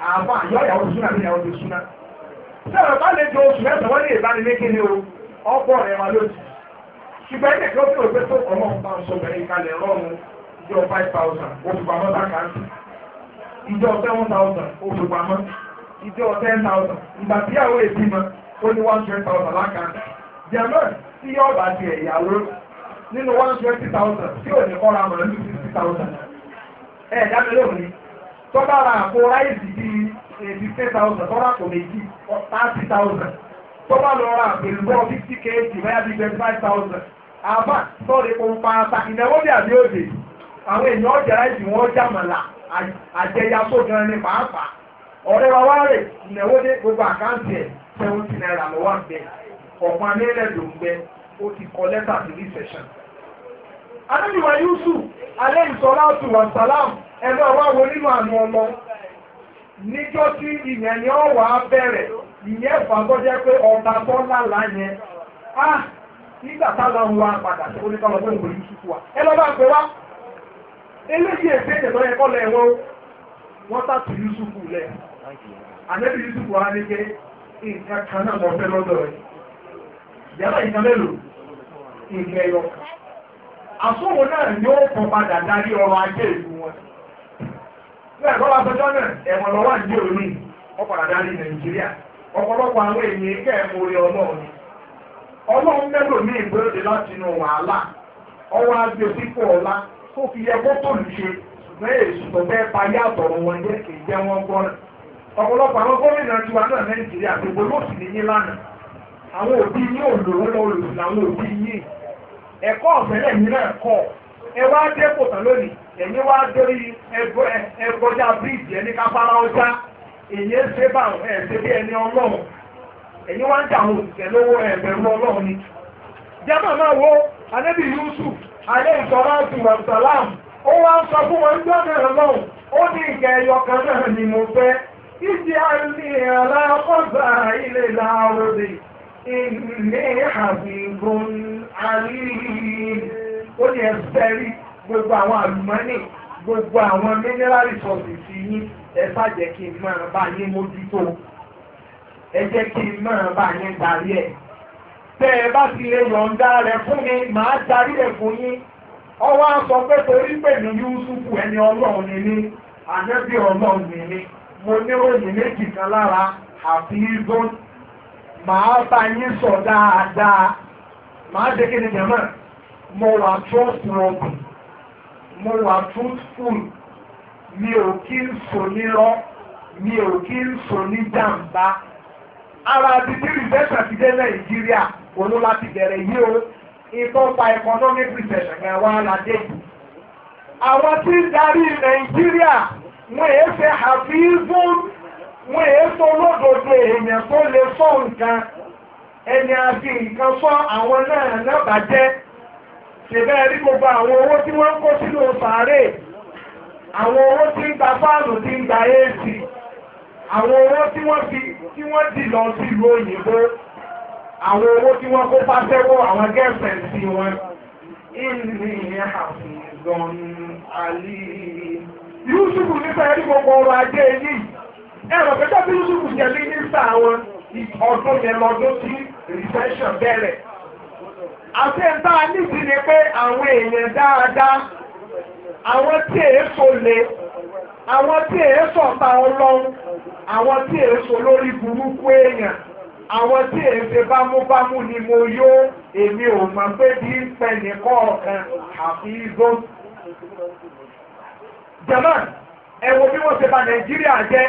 A: àbá àyọ́ ìyàwó ti súná àbí ìyàwó ti súná. sọ̀rọ̀ bá lè jọ oṣù mẹ́sàn-án wọ́n lè ìbánilẹ́kẹ́ ni o ọ̀pọ̀ rẹ̀ wà lójì. ṣùgbọ́n ẹ̀jẹ̀ kí ó fi òpé tó ọmọ ọ̀pá ọ̀ṣọ́bìnrin kalẹ̀ rọ́ọ̀mù ìjọ five thousand oṣù pamọ́ bákàtì ìjọ seven thousand oṣù pamọ́ ìjọ ten thousand ìgbà tí àwọn èsì mọ́ ó ní one twenty thousand lákàtì. jẹ̀mọ́ tí yóò bá ti ẹ̀yàwó nínú one twenty thousand tí ò ní kọ́ra mọ̀ ní fifty thousand ẹ̀ẹ́dá mi lónìí tọ́ba ra àpò ráìsì bíi eighty three thousand tọ́ba kò méjì thirty thousand tọ́ba lọ ra pẹ̀lú bọ́ fifty k, báyà bíi twenty five thousand àbá sọ́ọ̀rì kò ń pa ata ìnáwó bí àbí òde àwọn èèyàn ọjà ráìsì wọn ọjà màlà àjẹyà tó gan ni pàápàá ọ̀rẹ́ wa wá rè ìnáwó dé gbogbo àkáǹtì ẹ̀ seventy naira lọ́wọ́ àgbẹ̀ ọ̀pọ̀ amílẹ̀ gbẹ ó ti kọ lẹ́tà sí adébíwá Yusuf alẹ́ ìsọ̀lá ọ̀tún wà sálám ẹ̀rọ wá wo nínú àná ọmọ níjọ́ tí ìyẹn ni wà á bẹ̀rẹ̀ ìyẹn pé lálá yẹn á ah, nígbà wá padà ìwé wa ẹ lọ́ bá pè wá eléyìí èsì èdè lọ́yẹ kọ́ lẹ̀ wọ́n wọ́n tàtù Yusuf lẹ̀ àdébí Yusuf wa ní pé nǹkan kan náà mọ̀ fẹ́ lọ́dọ̀ rẹ̀ yàrá ìkàmẹ́lò àsòwò náà ni ó kọ padà darí ọrọ̀ ajé ìlú wọn. Ní ẹ̀kọ́ wa sọjọ́ náà ẹ̀wọ̀n lọ́wọ́ àti òní wọ́n padà darí Nàìjíríà. Ọ̀pọ̀lọpọ̀ àwọn èèyàn kẹ́ẹ̀mú orí ọlọ́run. Ọlọ́run mẹ́lò ní ìgbéròdé láti inú wàhálà. Ọwọ́ agbè sípò ọ̀la tó fi yẹ kó tó lù ṣe ṣùgbọ́n èsù tó fẹ́ àtọ̀rọ̀ wọn jẹ́ kì í jẹ́ gbọ́n. Ọ̀pọ̀lọpọ̀ ẹ̀kọ́ ọ̀fẹ́lẹ̀ mi náà kọ́ ẹ wá dé kò lónìí ẹ̀yin wá dórí ẹgbọ́já bíríìjì ẹni kápára ọjà èyí ṣe bá ẹ̀ bí ẹni ọlọ́run ẹ̀yin wá ń jà ni. jẹ́mọ̀ wo anábì Yusuf alẹ́ ó wá ń sọ fún wọn ó ní ìkẹ́ ni mo fẹ́ ìlé àbìgùn àríyìn ó ní ẹsẹ̀ rí gbogbo àwọn àlùmọ́nì gbogbo àwọn mineral resources yín ẹ ṣá jẹ́ kí n máa bá yín mójútó ẹ jẹ́ kí n máa bá yín darí ẹ̀ tẹ́ ẹ bá ti lè yọ̀ǹda rẹ̀ fún mi màá darí ẹ̀ fún yín ọwọ́ á sọ pé torí pé ní Yúsùfù ẹni ọlọ́run ni mí àjẹ́bí ọlọ́run ni mí mo níròyìn méjì kan lára àfi ìgbóhùn màá bá yín sọ dáadáa màá ṣe kí ni jẹ̀mọ́ mo wà trustworthy mo wà truthful mi ò kí ń sọ nírọ́ mi ò kí ń sọ ní jàǹbá ara títí rìsẹ́sà ti dé nàìjíríà òun láti bẹ̀rẹ̀ yìí o ìtọ́pa economic recession gan wa la dé yìí àwọn tí ń darí nàìjíríà wọ́n èé ṣe àfihàn wọ́n èé tó lódodo èèyàn tó lè sọ nǹkan ẹni àti nǹkan sọ àwọn náà náà bàjẹ́ rí gbogbo àwọn owó tí wọ́n kó sínú sàárè àwọn owó tí ń gba fáànù tí ń gba éèsì àwọn owó tí wọ́n fi tí wọ́n dì lọ sí ìlú òyìnbó àwọn owó tí wọ́n kó àwọn wọn ìní àfihàn àlè Yúsùfù nípa ẹ̀rí gbogbo ọrọ̀ ajé ẹ̀rọ pẹ̀lú bí yusuf jẹ́ mínísítà wọn ọdún yẹn lọ́dún sí rìsẹ́ṣọ̀n bẹ̀rẹ̀ àti ẹ̀ta nídìí ni pé àwọn èèyàn dáadáa àwọn tí èso le àwọn tí èso ọ̀tá ọlọ́run àwọn tí èso lórí burúkú èèyàn àwọn tí èso bámúbámú ni mo yó èmi ò mọ̀ pé bí ń pẹ́ nìkan ọ̀kan àfi igbó. jẹ̀mọ́ ẹ wo bí wọ́n ṣe bà nàìjíríà jẹ́.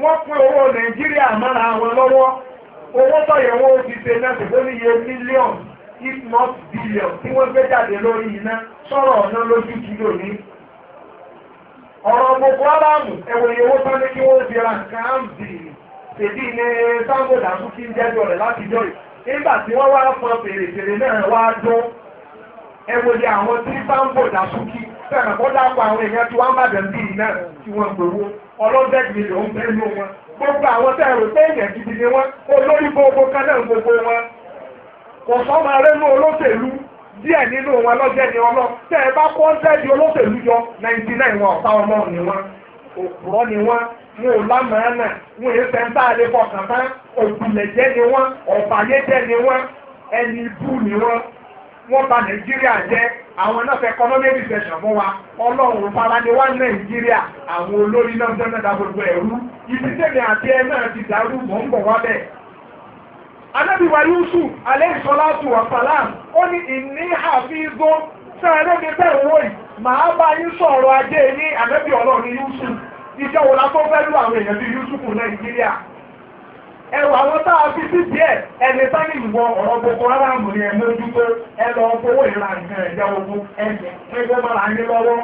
A: wọ́n pín owó nàìjíríà mọ́ra àwọn lọ́wọ́ owó tọ̀yẹ̀ wọn ó ti ṣe náà ṣùgbọ́n níye mílíọ̀nù if not billion tí wọ́n gbé jáde lórí iná sọ̀rọ̀ ọ̀nà lójú ọ̀rọ̀ gbogbo ẹ̀wọ̀n ìyẹ̀wò tán ní kí wọ́n nǹkan áǹdì ní sango dàbú kí ń jẹ́jọ́ ọlọ́dẹ́gbìn ló ń bẹ́ẹ̀ ló wọn gbogbo àwọn tẹ́ ẹ̀rọ pé èèyàn gidi ni wọn olórí gbogbo kánà gbogbo wọn kò sọ́mọ ní olóṣèlú díẹ̀ nínú wọn lọ́jẹ́ ni ọlọ́ tẹ́ ẹ bá kó di olóṣèlú yọ náìtì ọ̀tá ni wọn òpùrọ́ ni wọn wọn ò lámàánà wọn èé fẹ́ àwọn náà fẹ́ economic fún wa ọlọ́run fara ni wá nàìjíríà àwọn olórí náà jẹ́ mẹ́ta gbogbo ẹ̀rú ibi tẹ̀mí àti ẹ náà ti dàrú ń yusuf alẹ́ ó ní ìní bẹ́ẹ̀ wò yìí màá bá yín sọ̀rọ̀ ajé yusuf ìjọ fẹ́ lù àwọn èèyàn ẹwà àwọn tá a fi sí díẹ̀ ẹni sáré ìwọ ọ̀rọ̀ gbogbo ara mú ni ẹ̀mú ojú pé ẹ lọ nǹkan ẹ̀jẹ̀ ẹ̀jẹ̀ ẹgbẹ́ ní lọ́wọ́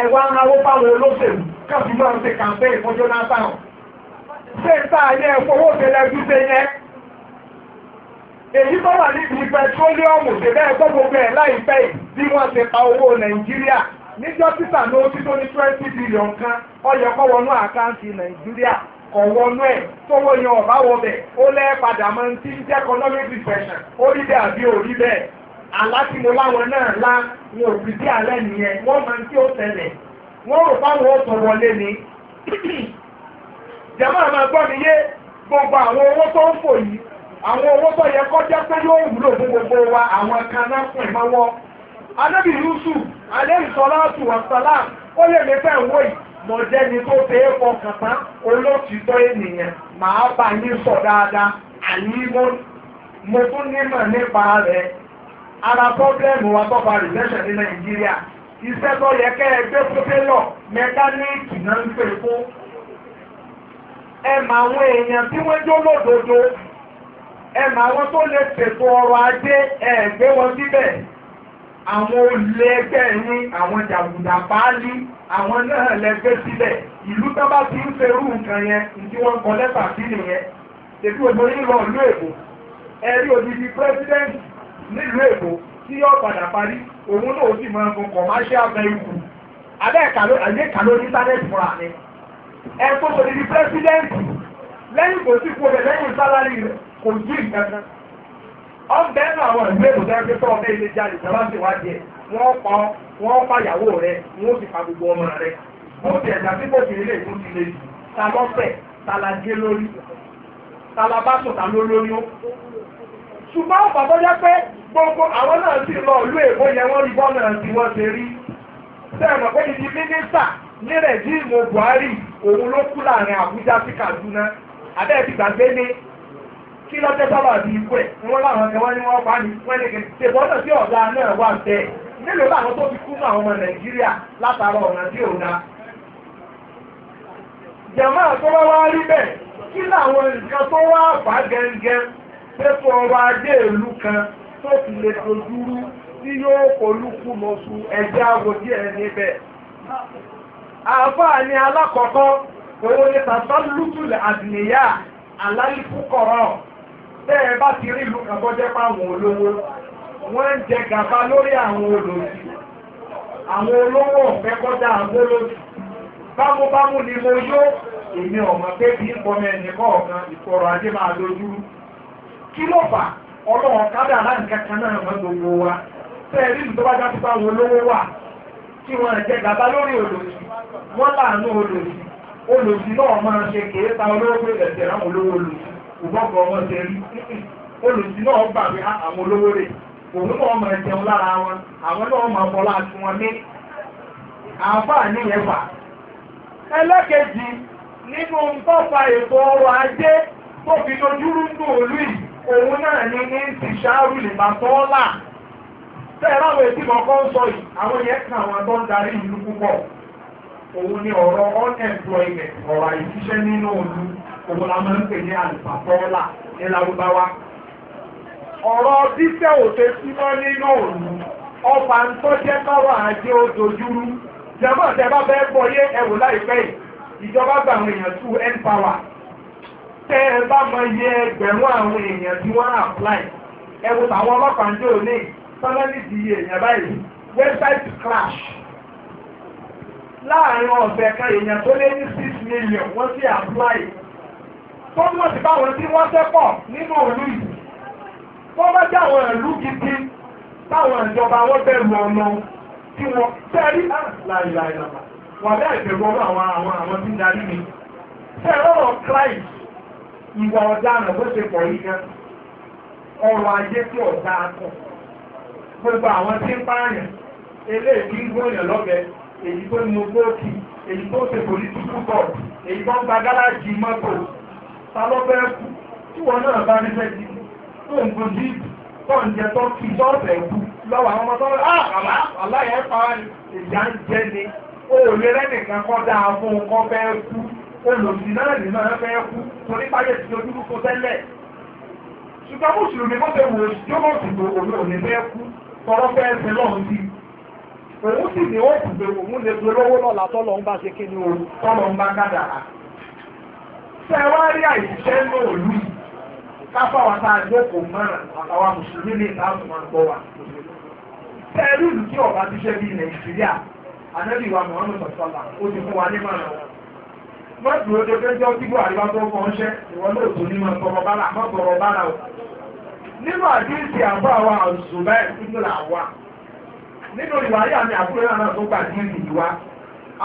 A: ẹwà báwo olóṣèlú káfí máa ń ṣe ṣe èyí tó wà níbi ṣe bẹ́ẹ̀ gbọ́ gbogbo ẹ̀ láìpẹ́ bí wọ́n ṣe pa owó Nàìjíríà níjọ́ títà ní ó ti tó ní twenty billion ọ̀wọ́ náà ẹ̀ tọwọ́ yan ọ̀bá wọ bẹ̀ ó lẹ́ padà máa ń tí ń jẹ́ economic depression ó rí bẹ́ẹ̀ àbí ò rí bẹ́ẹ̀ àlá láwọn náà wọn ò tí ó tẹ̀lẹ̀ wọ́n rò fáwọn ni jẹ́mọ́ àmà gbọ́ mi yé gbogbo àwọn owó tó ń fò yìí àwọn owó kọjá pé yóò wúlò gbogbo wa àwọn kan náà fún anábì Yusuf alẹ́ ìsọlá mo jẹ́ni tó fẹ́ fọkàn tán olótìtọ́ ènìyàn màá bá yín sọ dáadáa àyíwó mo tún nímọ̀ nípa rẹ̀ ara pọ́blẹ́mù wa tó fa ní nàìjíríà iṣẹ́ tó yẹ kẹ́ ẹ gbé pọ́tẹ́lọ̀ mẹkáníìkì náà ń pè fún ẹ mà àwọn olè ẹgbẹ́ ní àwọn jàgùdà páálí àwọn náà lẹ́gbẹ́ sílẹ̀ ìlú tó bá ti ń ferú nǹkan yẹn tí wọ́n kọ lẹ́tà sí nìyẹn tètè òjò yìí lọ ìlú èkó ẹ̀rí òdìdí pírẹ́sidẹ́ǹtì nílùú èkó tí yóò padà parí òun náà ó sì máa fún commercial vehicle abẹ́ẹ̀ka ló ní sálẹ̀tì fúnra mi ẹ̀ tó òdìdí pírẹ́sidẹ́ǹtì lẹ́yìn kò sí kú ọbẹ̀ lẹ́yìn sálárì rẹ̀ kò sí nǹkan kan. ọ náà àwọn ìwé ìbùdó ẹgbẹ́ tó ilé jáde ìjọba ti wá díẹ̀ wọ́n pa rẹ wọ́n sì pa gbogbo ọmọ rẹ ó ti ẹ̀dá tí kò sí ilé ìtún ti lè ta lọ́fẹ̀ ta la gé lórí ta la bá sùn gbogbo àwọn náà sì lọ ìlú èkó yẹn wọ́n rí bọ́ọ̀lù tí wọ́n rí pé Buhari òun ló kú láàrin Àbújá Kaduna àbẹ́ẹ̀ ti gbàgbé ní kí ló jẹ́ sábà bí ikú ẹ̀ wọ́n láwọn ẹ̀wọ́n ní wọ́n pa ní wọ́n lè ṣe bọ́dọ̀ sí ọ̀gá náà wà bẹ́ẹ̀ nílò láwọn tó fi kú mọ́ àwọn ọmọ nàìjíríà látara ọ̀nà tí ò na. jàmá tó wá wá rí bẹ́ẹ̀ kí làwọn nǹkan tó wá fà gẹ́gẹ́ pé fún ọrọ̀ ajé ìlú kan tó fi lè dojúrú tí yóò polúkú lọ sun ẹ̀jẹ̀ àwò díẹ̀ níbẹ̀. àáfàá alákọ̀ọ́kọ́ òun ni tàbá lùtùlẹ̀ àdìníyà alálìkú kọ̀ọ̀rọ̀ tẹ́ bá ti rí ìlú kan bọ́jẹ́ páwọn olówó wọ́n ń jẹ gàba lórí àwọn olòṣì àwọn olówó ọ̀fẹ́ kọjá ni mo yó èmi ọ̀mọ̀ pé kí n pọnmọ ẹnì kọ̀ọ̀kan ìkọ̀rọ̀ ajé máa kí ló fà ọlọ́run náà wa rí ìlú tó bá já olówó wà kí ta olówó pé ẹ̀sẹ̀ ráwọn olówó ìgbọ́kọ̀ ọmọ ṣe rí olùsí náà gbà pé ah, àwọn olówó rè òun náà lára wọn àwọn náà ọmọ bọ́ láti wọn ní àǹfààní yẹn fà. ẹlẹ́kẹ̀jì nínú ètò ọrọ̀ ajé tó fi òlú yìí òun náà ní ní òun ni ọ̀rọ̀ unemployment ọ̀rọ̀ àìsíṣẹ́ nínú olú òun la máa ń pè ní àlùfàtọ́ọ́là ní Lárúbáwá ọ̀rọ̀ díṣẹ́ símọ́ nínú òlú ọba ń ojoojúrú jẹ́mọ́ bẹ́ẹ̀ yé ẹ̀wò láìpẹ́ ìjọba gba àwọn èèyàn tú power tẹ́ ẹ bá ẹgbẹ̀rún àwọn èèyàn tí wọ́n apply ẹ̀wò tàwọn láàrin ọ̀sẹ̀ kan èèyàn tó lé ní six million wọ́n sì apply tó mọ̀ sí báwọn tí wọ́n sẹ́pọ̀ nínú òlú yìí tó bá jẹ́ àwọn ìlú gidi táwọn ìjọba wọn bẹ̀rù ọ̀nà tí wọ́n tẹ́rí ah, láìláìlàmà wà bẹ́ẹ̀ bẹ̀rù ọ̀nà àwọn àwọn àwọn tí ń darí mi tẹ́rọ̀rọ̀ Christ ìwà ọ̀daràn bó ṣe pọ̀ yìí gan ọrọ̀ ajé tí ọ̀dà akọ̀ gbogbo àwọn tí ń pààyàn eléyìí ń gbóyàn lọ́bẹ̀ẹ́ èyí tó ní ogbó òkì èyí tó ṣe political board èyí tó ń gba gáràjì mọ́tò ta ló fẹ́ kú tí wọn náà bá rí fẹ́ ti tó ń gbòdì ìbò tó ń jẹ tó kí sọ́ọ̀fẹ̀ kú lọ́wọ́ àwọn ọmọ tó ń ah àlá àlá yẹn pa ìjà ń jẹ ni o ò lè rẹ́nìkan kọ́ dáa fún un kọ́ fẹ́ kú olùsí náà nínú ẹ̀ fẹ́ kú torí báyé ti ojú kúkú tẹ́lẹ̀ ṣùgbọ́n mùsùlùmí kó fẹ́ wò ó yóò mọ̀ sí òun ò ní fẹ́ kú tọrọ fẹ́ ṣe lọ́hùn sí i. òun sì ní òun gbè òun lè gbé lọ́wọ́ lọ́la tọ́lọ̀ ń bá ṣe kí ni o ń bá á. ṣé ẹ wá rí àìsíṣẹ́ yìí káfá wa tá a jókòó mọ́ràn àtàwọn mùsùlùmí ní ìtàkùn máa ń gbọ́ wa. ṣé ẹ rí ìlú tí ọba ti ṣe bí nàìjíríà ànábì wa sọ̀tọ́lá ó nínú ìwà ayé àmì àkúrẹ́ náà tó gbà ní ìlú wa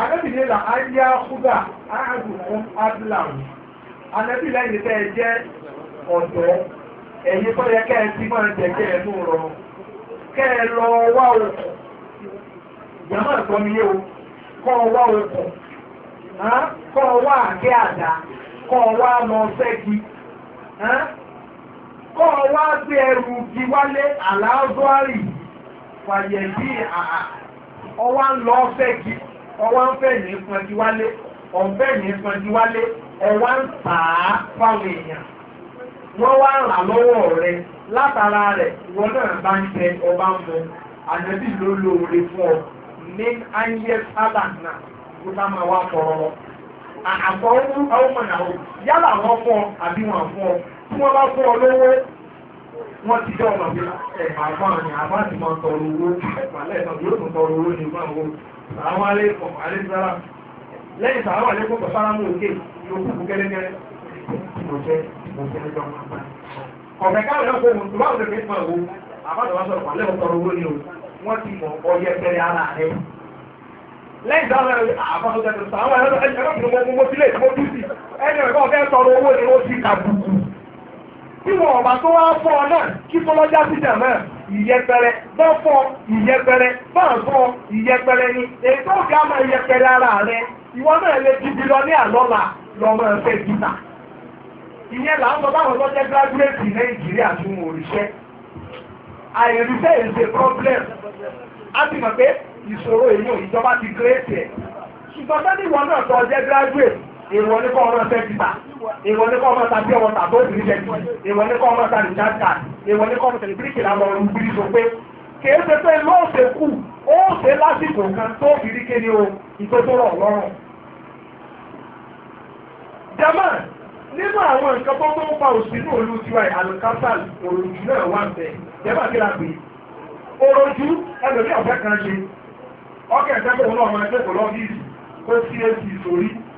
A: anábìlẹ̀ là á yá kúgbà áàgùn fún adlam anábìlẹ̀ yìí tẹ́ ẹ jẹ́ ọ̀dọ́ ẹ̀yin tó yẹ kẹ́ ẹ ti máa jẹ kẹ́ ẹ mú rọ kẹ́ ẹ lọ wá okùn yàmá ìtọ́ mi yé o kọ́ ọ wá okùn kọ́ ọ wá àgé àdá kọ́ ọ wá lọ sẹ́gi kọ́ ọ wá gbé ẹrù bí wálé àlàáfíà rì fàyẹ̀ yìí àhà ọwọ́ ń lọ fẹ́ kí ọwọ́ ń fẹ́ ní ìpọnjú wálé ọ̀fẹ́ ní ìpọnjú wálé ọwọ́ ń tà á fáwọn èèyàn wọ́n wá rà lọ́wọ́ rẹ látara rẹ̀ wọ́n náà bá ń tẹ ọba ń mu ànábì ló lóore fún ọ ní ayé sábàánà kó tá máa wá tọrọ àkọ́wọ́ àwọn ọmọ náà yálà wọ́n fún ọ àbí wọ́n fún ọ tí wọ́n bá fún ọ lówó wọ́n ti jẹ́ ọmọ bí ẹ̀mà máa ní àbáàdì máa tọrọ owó ìpàlẹ̀ ìtàn yóò tún tọrọ owó ní máa wo àwọn alẹ́kọ̀ọ́ alẹ́sára lẹ́yìn sàárà alẹ́kọ̀ọ́ pẹ̀sára mú òkè yòókù kú kẹ́lẹ́kẹ́lẹ́ mo jẹ́ mo jẹ́ ẹjọ́ máa bá ọ̀fẹ́ káwọn náà kó wọn tó báwọn tẹ̀lé máa wo àbáàdì sọ̀rọ̀ pàlẹ́ tọrọ owó ni o wọ́n ti mọ̀ ọyẹ pẹ̀lẹ́ ara rẹ lẹ́yìn sàárà àbáàdì sàárà ẹ̀rọ tí wọn ọ̀bà tó wá fọ́ ọ náà kí fọlọ́jà sí jà ìyẹpẹrẹ bọ́ fọ́ ìyẹpẹrẹ bá ń ìyẹpẹrẹ ni ètò ọ̀gá máa yẹpẹrẹ ara rẹ ìwọ náà lè di bilọ́níà lọ́la lọ́mọ ẹ̀fẹ́ gíta ìyẹn là ń lọ báwọn tó jẹ́ gíráduwéètì nàìjíríà tún wò ríṣẹ́ àìríṣẹ́ èsè problem á ti mọ̀ pé ìṣòro èèyàn ìjọba ti gírèsì ẹ̀ ṣùgbọ́n sẹ́ni ìwọ náà tó jẹ́ gíráduwéètì ìwọ ní kọ́ ọmọ sẹ́kítà ìwọ ní kọ́ ọmọ tàbí ọmọ tàbí òbí jẹ́kì ìwọ ní kọ́ ọmọ tàbí jáǹkà ìwọ ní kọ́ ọmọ tàbí bíríkì làwọn ọ̀rùn bírí sọ pé kèé ṣe pé lóòṣè kù ó ṣe lásìkò kan tó bìrí kéde o ìtótó rọ̀ lọ́rùn. jama nínú àwọn nǹkan tó tó ń fa òsínú olú tiwa àlùkásàl òròjú náà wà bẹ jama kí la pè é òròjú ẹlòmí ọ̀fẹ́ kan ṣe ọkẹ́ ìṣẹ́kọ̀ọ́ náà máa ń ṣe kò lọ́ọ́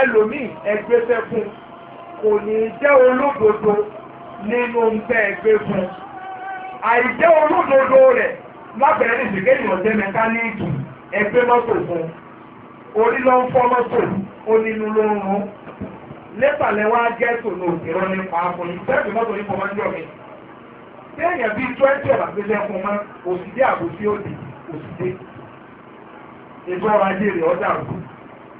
A: ẹlòmíì ẹgbẹ́sẹ̀ fún kò ní jẹ́ olódodo nínú nǹkan ẹgbẹ́ fún àìjẹ́ olódodo rẹ̀ lábẹ́rẹ́ ní ìṣèkéyìn ọ̀jẹ́ mẹkáníìkì ẹgbẹ́ mọ́tò fún orí ló ń fọ́ mọ́tò onínú ló ń rún lẹ́tà lẹ́wọ́ ajẹ́tò ní òkèrọ nípa ààbò sẹ́ẹ̀bì mọ́tò ní mi tí èèyàn bíi twenty fún mọ́ àbòsí òdì ètò ọrọ̀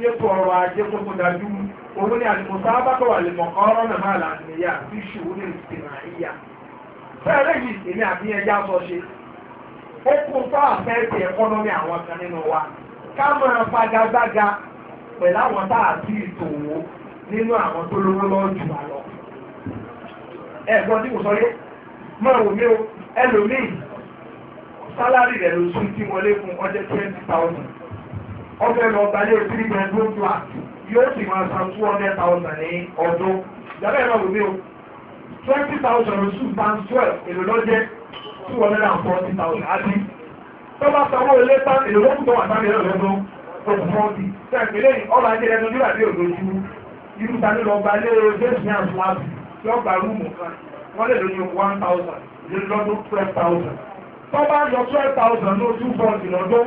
A: tí ètò ọrọ̀ ajé tó kó dájú òun ni àlùmọ̀sá bá tọ̀wà lè mọ̀ ọ̀rọ̀ náà máa làmìyà tí ṣòwò lè ti mà íyà. bẹ́ẹ̀ lẹ́yìn èmi àbí ẹja sọ ṣe ó kún fún àfẹ́ẹ̀tì ẹ̀kọ́nọ́mì àwọn kan nínú wa ká máa fagagbága pẹ̀lú àwọn tá à ti tòwó nínú àwọn tó lówó lọ́jù wà lọ. ẹ̀gbọ́n tí mo sọ yé máa wò mí o ẹlòmíì sálárì rẹ̀ ló sún tí wọlé fún ọjọ́ twenty thousand ọbẹ̀ lọ gbalẹ̀ three bedroom flat yóò sì máa san two hundred thousand ní ọdún ìjàbẹ̀ náà wòlé o twenty thousand oṣù times twelve èlò lọ́jẹ́ two hundred and forty thousand àti tó bá sanwó ilé tán èlò lókùn tó wà sáà nílẹ̀ lọ́dún oṣù forty sẹ́ǹpẹ̀lẹ́ ọ̀rọ̀ ajé ẹnu nígbà tí òdo ju irú tani lọ gbalẹ̀ bẹ́ẹ̀sì náà flat lọ́gbà rúùmù kan wọ́n lè lóyún one thousand lọ́dún twelve thousand tó bá yọ twelve thousand lóṣù forty lọ́dún.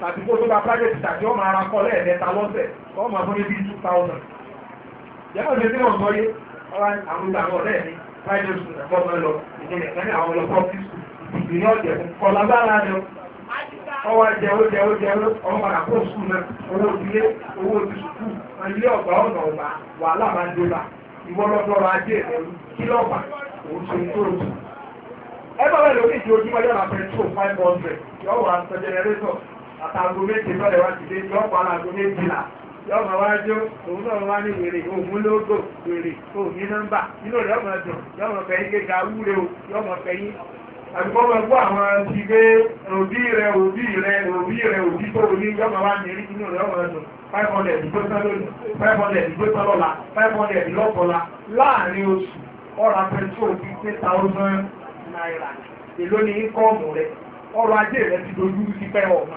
A: tàbí kó tó bá private tàbí ọmọ ara kọ lẹ́ẹ̀mẹ́ta lọ́sẹ̀ ọmọ fún níbi two thousand. yẹ́nà ṣe tí wọ́n gbọ́ yé àwọn ìgbà àwọn ọ̀rẹ́ private school lọ àwọn ọlọ́pọ̀ ni ọwọ́ jẹ ó jẹ ó jẹ ọmọ school náà owó ìdílé owó ọ̀gbà ọ̀nà ọ̀gbà wàhálà máa ajé àtàgbò méje bọ́lẹ̀ wá ti dé lọ́pọ̀ alágbò méjìlá yọ́mọ wá jó òun náà wá ní wèrè òun lógò wèrè òun ní nọ́mbà inú rẹ̀ ọmọ dùn yọ́mọ fẹ̀yìn gẹ́gà wúre o yọ́mọ fẹ̀yìn àgbọ̀mọ gbọ́ àwọn ti gbé òbí rẹ̀ òbí rẹ̀ òbí rẹ̀ òbí tó ní yọ́mọ wá ní inú rẹ̀ ọmọ dùn five hundred ìgbé tán lónìí five hundred ìgbé tán lọ́la five hundred lọ́kọ̀ọ́la láàrin oṣù ọ̀rọ̀ apẹ̀tù òbí three thousand naira èló ni íńkọ́ọ̀mù rẹ̀ ọrọ̀ ajé rẹ̀ ti dojú ti pẹ́ ọ̀ma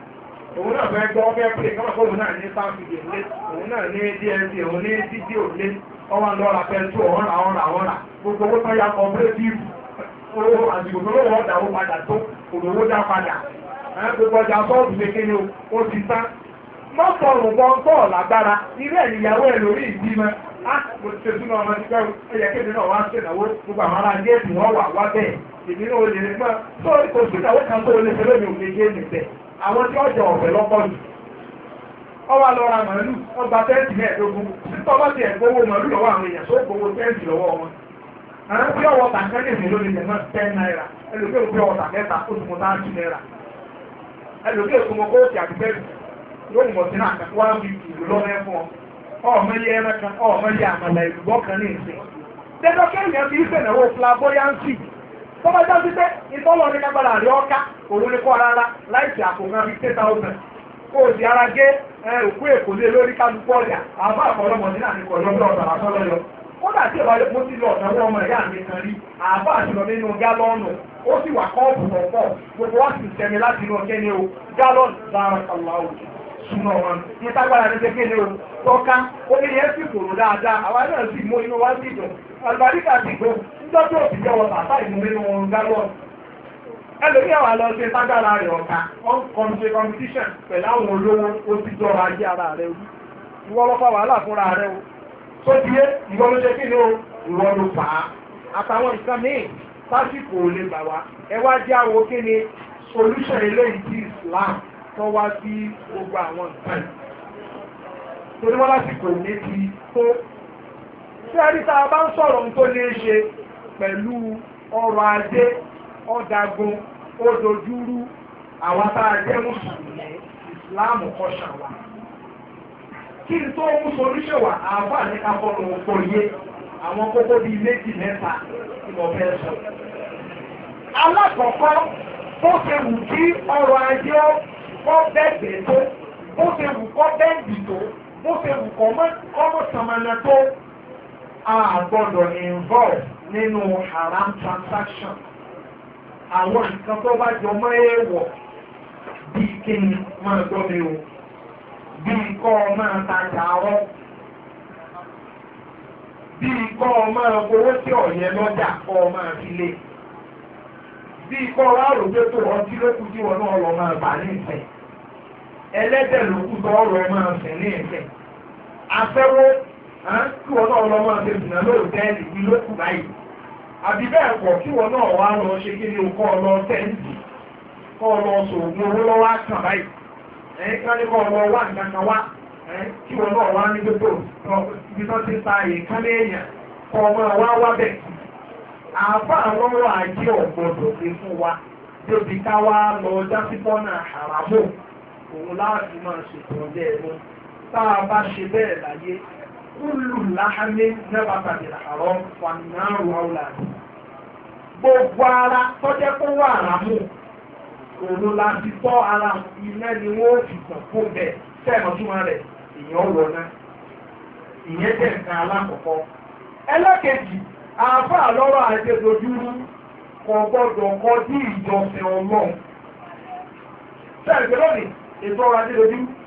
A: òun náà fẹ́ gbọ́ fẹ́ pé kọ́nà kó òun náà ní sáfìdì lé òun náà ní dsd òun ní fídíò lé ọwọ́ lọ́ra ọ̀rà ọ̀rà ọ̀rà gbogbo owó tó gbogbo ọjà bọ́ọ̀lù kékeré ó ti bọ́ọ̀lù agbára ẹ̀ níyàwó ẹ̀ lórí ṣe ọmọ ẹ̀yẹ kéde náà wá ń gbogbo àwọn ará wà wá bẹ́ẹ̀ àwọn tí ọjọ́ ọ̀fẹ́ lọ́pọ̀ jù ọwà lọ́ra màálù ọgbà na mẹ́ẹ̀ẹ́dógún títọ́ bá ti ẹ̀gbówó màálù lọ́wọ́ àwọn èèyàn tó gbowó tẹ́ǹtì lọ́wọ́ wọn àwọn tí ọwọ́ tàǹkẹ́lẹ̀ mi lónìí jẹ̀ náà ten náírà ẹlòmí òkú ọwọ́ tàǹkẹ́ta ó ti mọ táàkì náírà ẹlòmí òkú mọ kóòtù àdúgbẹ́rù yóò mọ̀ sí náà wá wí ìlú lọ́rẹ́ ọ tó bá já sí pé ìtọ́lọ̀ ní kágbára rí ọ́ká òun ní kọ́ rárá láìsí àkóńgá bíi ten thousand kó o sì ara gé òkú èkó lé lórí kálukú ọ̀dà àbá àkọlọ́mọ ní náà ní kọ̀ lọ́dọ̀ ọ̀dà àtọ́lọ́yọ. kódà tí ìbá mo ti lọ ọ̀dà wọ́n ọmọ ìyá mi kan rí àbá àtìlọ nínú gálọ́ọ̀nù ó sì wà kọ́ọ̀pù pọ̀pọ̀ gbogbo wá sì sẹ́mi láti inú ọ̀kẹ́ ni o gálọ́ọ̀nù dára kàlá òjò súnmọ́ wọn ní tágbára ní pépé ni o tọ́ka ó ní yẹn sì kòrò dáadáa àwa náà sì mú inú wá sí ìdùn àlùbáríkà sì gbó lọ́jọ́ òbí jẹ́wọ́ bàbá ìmú nínú oorun gálọ́ ẹlòmíà wà lọ ṣe tágbára rẹ̀ ọ̀ka ọ̀nkọ̀ǹṣe competition pẹ̀lú àwọn olówó ó ti jọra ajé ara rẹ̀ o ìwọ ló fa wàhálà fúnra rẹ̀ o tó ti yé ìwọ ló ṣe kí ni o ìwọ ló fà á àtàwọn nǹkan míì sásìkò ò lè bà wá ẹ wá jẹ́ àwo kí ni solution eléyìí ti Islam tó wá sí gbogbo àwọn nǹkan yìí torí wọn lásìkò ní ti tó tí a rí tá a bá ń sọ̀rọ̀ ohun tó lè ṣe pẹ̀lú ọrọ̀ ajé ọ̀dàgun odòjúrú àwọn tá a jẹ́ mùsùlùmí ìsìláàmù kọ́ṣà wa kí n tó mú solúṣẹ̀ wà àbá ní káfọ́nù òpó yé àwọn kókó bíi méjì mẹ́ta tí mo fẹ́ sọ. alákọ̀ọ́kọ́ bó ṣe wù kí ọrọ̀ ajé kọ́ bẹ́ẹ̀gbẹ́ tó bó ṣe wù kọ́ bẹ́ẹ̀gbì tó bó ṣe wù kọ́ mọ́ sàmánà tó a gbọ́dọ̀ involve nínú haram transaction àwọn nǹkan tó bá jọ mọ́ èèwọ̀ bí kí ni máa gbọ́ mi o bí kọ́ máa tajà ọ́ bí kọ́ máa gbowó tí ọ̀yẹ́ lọ́jà kọ́ máa fi lé bí kọ́ wá rògbé tó ọtí lókù tí wọn náà lọ máa bà ní ìfẹ́ ẹlẹ́dẹ̀ lókù tó ọ̀rọ̀ máa fẹ̀ ní ìfẹ́ afẹ́wó kí wọn náà lọ máa fi dùnà lóòtẹ́ẹ̀lì ní lókù báyìí. àbí bẹ́ẹ̀ pọ̀ kí wọ́n náà wá lọ ṣe kí ni o kọ́ lọ tẹ́ǹtì kọ́ lọ sòògùn owó lọ́wọ́ àkàn báyìí ẹ̀yìn kan ní kọ́ lọ wá nǹkan wá kí náà wá ní gbogbo ibi tó ti ta wa wá bẹ̀. àfa wa lọ náà àràmọ́ òun máa ṣètò ọjọ́ tá a bá kúlù láhámé nẹ́bàtà ní àárọ̀ fàmìnàrù ọ̀la gbogbo ara tọ́jẹ́ la fi tọ́ ara ni wọ́n fi tàn kó bẹ̀ sẹ́ẹ̀mọ́ túmọ̀ rẹ̀ ìyẹn ọ̀rọ̀ náà ìyẹn jẹ́ nǹkan alákọ̀ọ́kọ́ ẹlẹ́kẹ̀jì àáfàá lọ́rọ̀ kò gbọ́dọ̀ ìjọsìn ọlọ́run lónìí ètò ọrọ̀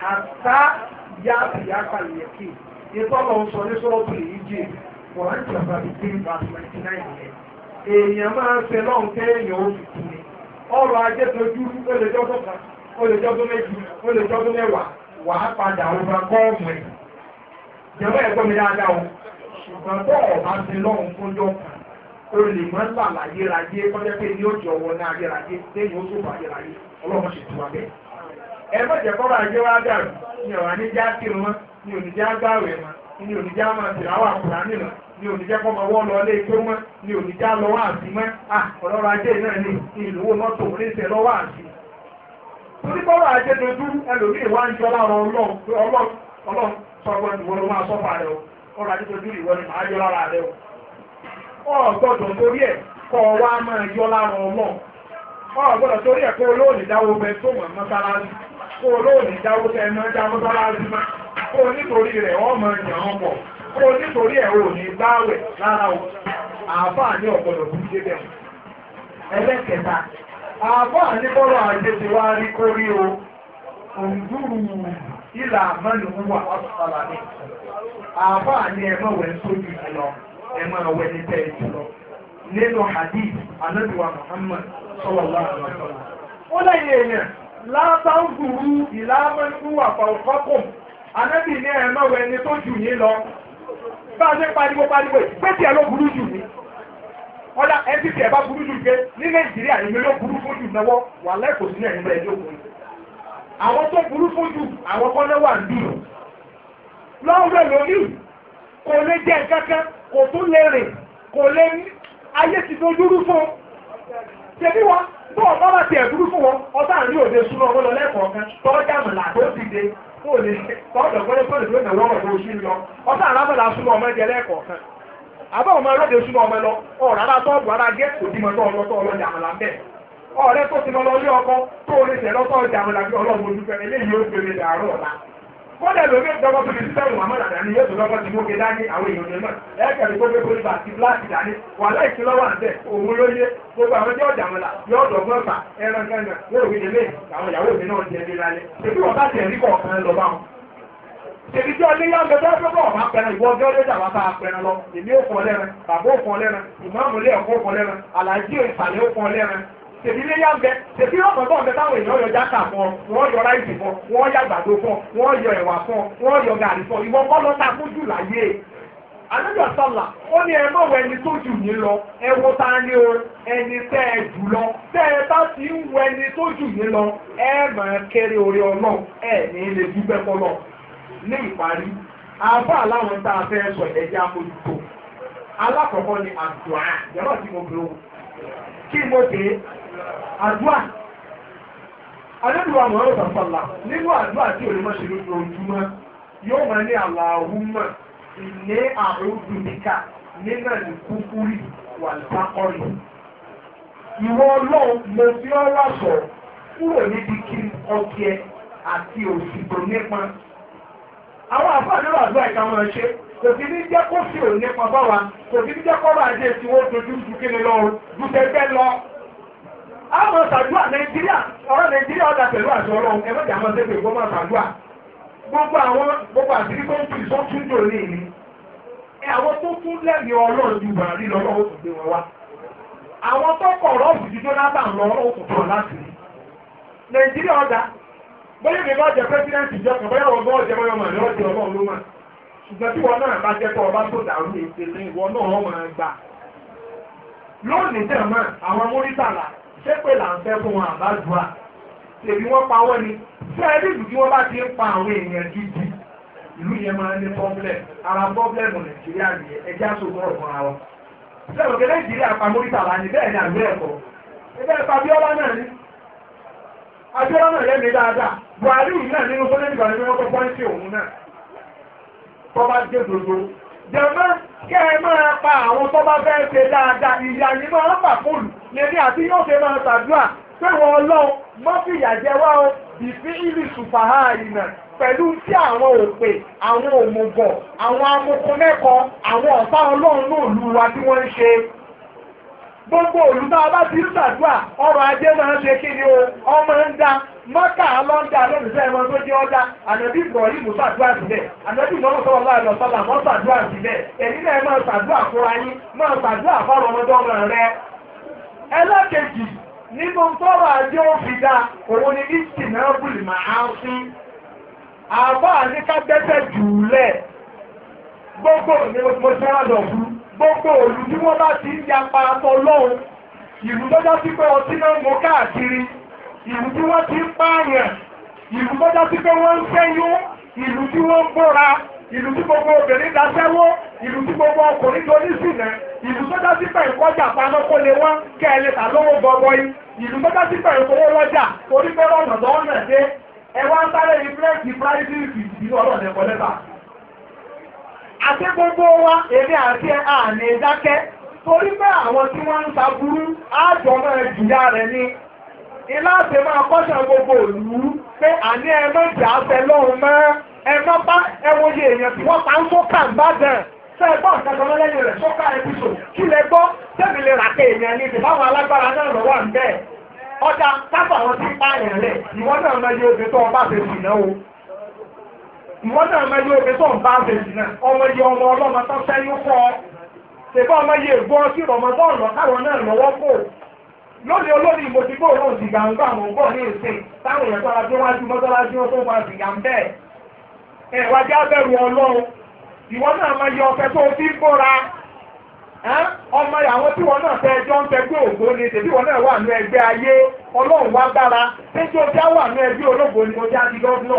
A: hata yá ya ìyẹ̀kì ètò ọ̀nà sọ ní sọ́ọ̀tù yìí jẹ́ Quran chapter fifteen verse ninety nine yẹn 29 máa ń ṣe lọ́hùn tẹ́ èèyàn ó fi kú ni ọrọ̀ ajé tójú ó lè jọ́dún kan ó lè wa méjì padà ọba mi o ṣùgbọ́n ẹ mọ̀jẹ̀ kọ́rọ̀ ajé wá dàrú ni ọ̀rọ̀ aníjà kírun mọ́ ni oníjà mọ́ ni oníjà máa tìrà nínú ni oníjà kọ́ mọ́ wọ́ lọ tó mọ́ àti mọ́ ah, ajé náà ni ìlúwo mọ́tò oníṣẹ́ lọ àti. torí dojú ẹlòmíì wá ń jọ lára gbọ́dọ̀ máa torí olóòlì dáwọ́ kó o lóòní dáwó tẹ ẹ máa dáwó bá láti má kó o nítorí rẹ̀ wọ́n máa yàn án pọ̀ kó o nítorí ẹ̀ ò ní lára o àáfàá ní ọ̀gbọ̀dọ̀ bú débẹ̀ ẹlẹ́kẹta àáfàá ní bọ́lọ̀ àjẹsí rí kórí o òǹdúrù ìlà àmọ́lùmú wà ọ̀sọ̀lá ní àáfàá ní wẹ̀ sójú wẹ̀ ní nínú hadith Muhammad ó lẹ́yìn látàǹgùrú ìlàmọ́tún àfàwọ̀fọ́kùn anábì ní ẹ̀mọ́ wẹ ni tó jù yín lọ bá a ṣe pariwo pariwo ló burú jù ní ọ̀dà ẹbí tiẹ̀ bá burú jù pé ní nàìjíríà ló burú jù náwó wà lẹ́kọ̀ọ́ sí lókun àwọn tó burú fún jù àwọn ń dùn lọ́wọ́ kò lè jẹ́ kankan tó ọ̀tọ́ bá ti ẹ̀dúrú fún wọn ọ̀tá àrí òde súná ọmọ lọ lẹ́kọ̀ọ́ kan tọ́jà mọ̀lá tó ti dé tó lè tọ́jọ̀ gbọ́dọ̀ tó lè tó nà wọ́rọ̀ tó ṣí lọ ọ̀tá àrámọ̀lá súná ọmọ ẹ̀jẹ̀ lẹ́kọ̀ọ́ kan àbá ọmọ ẹlọ́dẹ súná ọmọ lọ ọ̀rọ̀ ara tó ọ̀bù ara gẹ́ òdìmọ̀ tó ọlọ́tọ́ ọlọ́dẹ àmàlà bẹ́ẹ̀ ọ̀rẹ́ tó ti lọ lọ ilé ọkọ tó o lè tẹ̀ lọ́tọ́ ọjà àmàlà bí ọlọ́run ojú fẹ́rẹ́ léyìí ó gbèrè dàárọ̀ ọ̀la kódà lómi ìjọba tó lè ti sẹ́yìn muhammed àdáni yóò tó lọ́kọ́ ti mú ké dání àwọn èèyàn yẹn ẹ kẹ́rin kó gbé pólíbà àti dání gbogbo àwọn tí ọjà wọn yóò dọ̀gbọ́n fà ẹran yóò àwọn ìyàwó mi náà jẹ́ èmi bá tẹ̀ rí kọ̀ọ̀kan lọ bá wọn. èmi tí ọdún yá gbẹdọ́ gbẹdọ́ ọ̀ma pẹ̀rẹ̀ ìwọ tèmi lé yá ń bẹ tèmi ọ̀pọ̀ bọ̀ ń bẹ táwọn èèyàn yọ jákà fún ọ wọ́n yọ ráìsì fún ọ wọ́n yọ àgbàdo fún ọ wọ́n yọ ẹ̀wà fún ọ wọ́n yọ gàrí fún ọ ìwọ kọ́ lọ́ta fún jù láyé àlejò sọlá ó ní ẹ má wo ẹni tó jù yín lọ ẹ wo ta ni o ẹni tẹ ẹ jù lọ tẹ ẹ bá ti ń wo ẹni tó jù yín lọ ẹ máa kéré orí ọlọ́run ẹ ní lè dúpẹ́ fọlọ́ ní ìparí àbá aláwọn tá a fẹ́ sọ ẹ̀jẹ̀ amójútó alákọ̀ọ́kọ́ ni àdùá yàrá tí mo bẹ̀rù kí mo dé àdúrà adébíwá mọ̀ọ́rọ̀ sàfàlà nínú àdúrà tí olùmọ̀ ṣe lójoojúmọ́ yóò máa ní àlàáhùmọ̀ ilé àrùndùnìkà nínà ní kúkúrì wà lápákọ́rì ìwọ ọlọ́run mo fi ọ́ wá sọ kúrò níbi kí ọkẹ àti òsì tó nípa àwọn àfáàdúrà àdúrà ìka máa ṣe kò sí ní jẹ́ kó sí òun nípa báwa kò sí ní jẹ́ kó bá jẹ́ tí wọ́n dojú ju kí ni lọ ju tẹ́gbẹ́ lọ àmọ́ ṣàdúrà nàìjíríà ọ̀rọ̀ nàìjíríà ọ̀dà pẹ̀lú àṣọ ọlọ́run ẹ mọ̀jà máa tẹ́lẹ̀ gbọ́ máa gbogbo àwọn gbogbo àṣírí tó ń tù ìṣó tún jò ní ìní àwọn tó tún lẹ́mìí ọlọ́run ju lọ́wọ́ wọn wá àwọn tó kọ̀ lọ láti rí nàìjíríà ọ̀dà bóyá mi bá jẹ ṣé pé là ń fẹ́ fún wọn àbájúà tèmi wọ́n pa wọ́n ni ṣé ẹ ní ìlú tí wọ́n bá ti ń pa àwọn èèyàn gidi ìlú yẹn máa ń ní pọ́blẹ̀m ara pọ́blẹ̀mù nàìjíríà nìyẹn ẹjẹ́ àṣọgbọ́n ọ̀gbọ́n ara wọn. ṣé òkè nàìjíríà pa mórítà wá ní bẹ́ẹ̀ ni àgbẹ̀ ẹ̀kọ́ ẹgbẹ́ ẹ̀kọ́ abíọ́lá náà ni abíọ́lá náà lẹ́mìí dáadáa buhari náà nínú sọ́lẹ́dì jẹ̀mọ́ kẹ́ ẹ máa pa àwọn tó bá fẹ́ ṣe dáadáa ìyá ni máa ń fà fóònù lèmi àti yóò ṣe máa ṣàdúrà pé wọn ọlọ́run mọ́ fìyà jẹ wá o ìfín ìlú ṣùfàhà ìnà pẹ̀lú tí àwọn òpè àwọn òmùgọ̀ àwọn amukun mẹ́kọ̀ọ́ àwọn ọ̀tá ọlọ́run náà lù wá tí wọ́n ń ṣe gbogbo olùtọ́ bá ti ń ṣàdúrà ọrọ̀ ajé máa ń ṣe kí ni o ọmọ ń dá mọ́kà ẹ̀mọ́ tó jẹ́ ọ́dá Ibrahim sílẹ̀ sọ́wọ́ láì lọ sọ́là mọ́ ṣàdúrà sílẹ̀ èyí náà máa ṣàdúrà fúnra yín máa ṣàdúrà fáwọn ọmọdé ọmọ rẹ. ẹlẹ́kejì nínú tọ́rọ̀ ajé ó fi dá òun ni náà bùlì máa ń gbogbo mo ti fún gbogbo òlù tí wọ́n bá ti ń ya parapọ̀ lọ́hùn ìlú tó sí pé ọtí náà káàkiri ìlú tí wọ́n ti ń pààyàn ìlú tó sí pé wọ́n ń fẹ́yún ìlú tí wọ́n ń bóra ìlú tí gbogbo obìnrin daṣẹ́wó ìlú tí gbogbo ọkùnrin ìlú tó sí pé ìkọjà paná kó lè tà ìlú tó sí pé lọ́jà torí pé àti gbogbo wa èmi àti àmì ìdákẹ́ torí pé àwọn tí wọ́n ń taburú àjọ máa jìyà rẹ̀ ni ilá máa gbogbo òlú pé àní ẹ má jà lọ́hùn mọ́ ẹ bá ẹwọ́n èèyàn tí wọ́n pa ń sókà ń gbọ́ lẹ́yìn rẹ̀ sókà kí gbọ́ lè ràkẹ́ èèyàn ní ti báwọn alágbára náà lọ́wọ́ ń bẹ́ẹ̀ ọjà wọn ti pààyàn rẹ̀ mọ́nà ọmọdé omi tó ń bá bèjì náà ọmọ iye ọmọ ọlọ́mọ tó sẹ́yìn fọ́ ọmọ iye ègbó ọtí rọmọdọ́ ọ̀nà káwọn náà lọ́wọ́ pò lónìí olórí mo ti gbóòrò òsì gbàǹgbà ní ìsìn táwọn èèyàn tí wọ́n ó tó ń jẹ́ abẹ́rù ọlọ́run ìwọ náà máa ọ̀fẹ́ tó ọmọ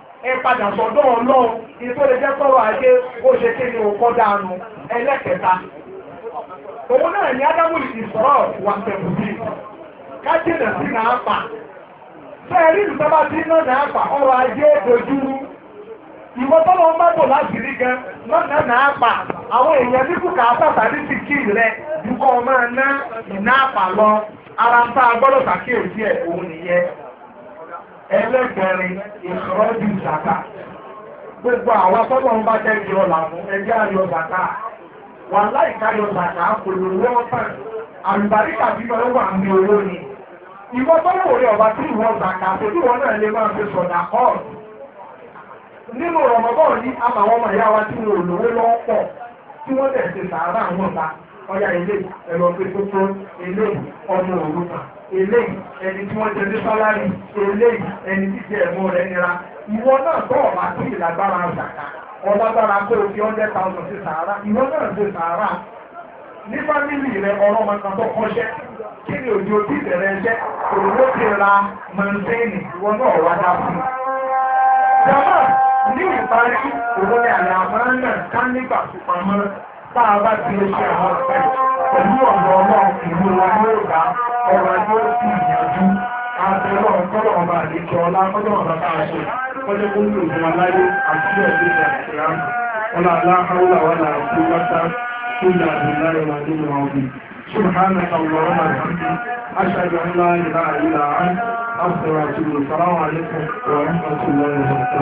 A: ẹ padà sọ́dọ̀ ọlọ́run ìfẹ́ lè jẹ́ kọ́rọ̀ ajé ó ṣe kí ni òkọ́ dànù ẹlẹ́kẹta. òun náà ní ádámù ìsọ̀rọ̀ wà tẹ̀wùbí kájínà sí náà pa. bẹ́ẹ̀ rí ìsọ́ba tí náà náà pa ọrọ̀ ajé dojúrú. ìwọ tọ́lọ ń bò láti rí gan lọ́nà náà pa àwọn èèyàn ní ti kí rẹ lọ ara ń ẹlẹ́gbẹ̀rin ìṣọ́jú ìṣàkà gbogbo àwọn tọ́lọ̀ ń bá jẹ́ kí ọ̀là fún ẹgbẹ́ ayọ̀ zàkà wà láìka ayọ̀ zàkà kò lè wọ́n tàn àlùbáríkà bí wọ́n wà ní owó ni ìwọ tọ́lọ̀ rẹ̀ ọ̀bá tí ìwọ zàkà tó tí wọ́n náà lè máa fi sọ̀dà nínú ní wa tí wọn ò lówó tí wọ́n sàárà àwọn ọ̀tá ilé eléyìí ẹni tí wọ́n jẹ ní sálárì eléyìí ẹni tí jẹ ẹ̀mọ́ rẹ̀ nira ìwọ náà tọ́ ọ̀bà tí ìlágbára ṣàkà ọlágbára pé o fi hundred thousand ṣe sàárà ìwọ náà ṣe sàárà ní fámìlì rẹ ọ̀rọ̀ máa kan tó kọ́ṣẹ́ kí ni òjò tí ìbẹ̀rẹ̀ ẹṣẹ́ òwò ti ra mọ̀ntẹ́ẹ̀nì ìwọ náà wá dá sí i. jama ní ìparí òwò ni àlàmọ́ náà ká nígbà tó pamọ́ tá a bá ti lè ṣe àwọn ọ̀pẹ́ pẹ̀lú ọ̀dọ̀ ọlọ́run ìlú wa yóò dá ọ̀rọ̀ yóò sì yànjú àtẹ́lọ́ ọ̀kọ́lọ̀ ọba àdéjọ ọlá kọ́jọ́ ọ̀dọ̀ tá a ṣe kọ́jọ́ kó lò wọn láyé àti ọ̀dẹ́ ìgbà ọlá aláhàúlà wà náà kó wáta kó lè àdúrà ìwà nínú ọ̀gbìn سبحانك اللهم وبحمدك أشهد أن لا إله إلا أنت أستغفرك السلام عليكم ورحمة الله
B: وبركاته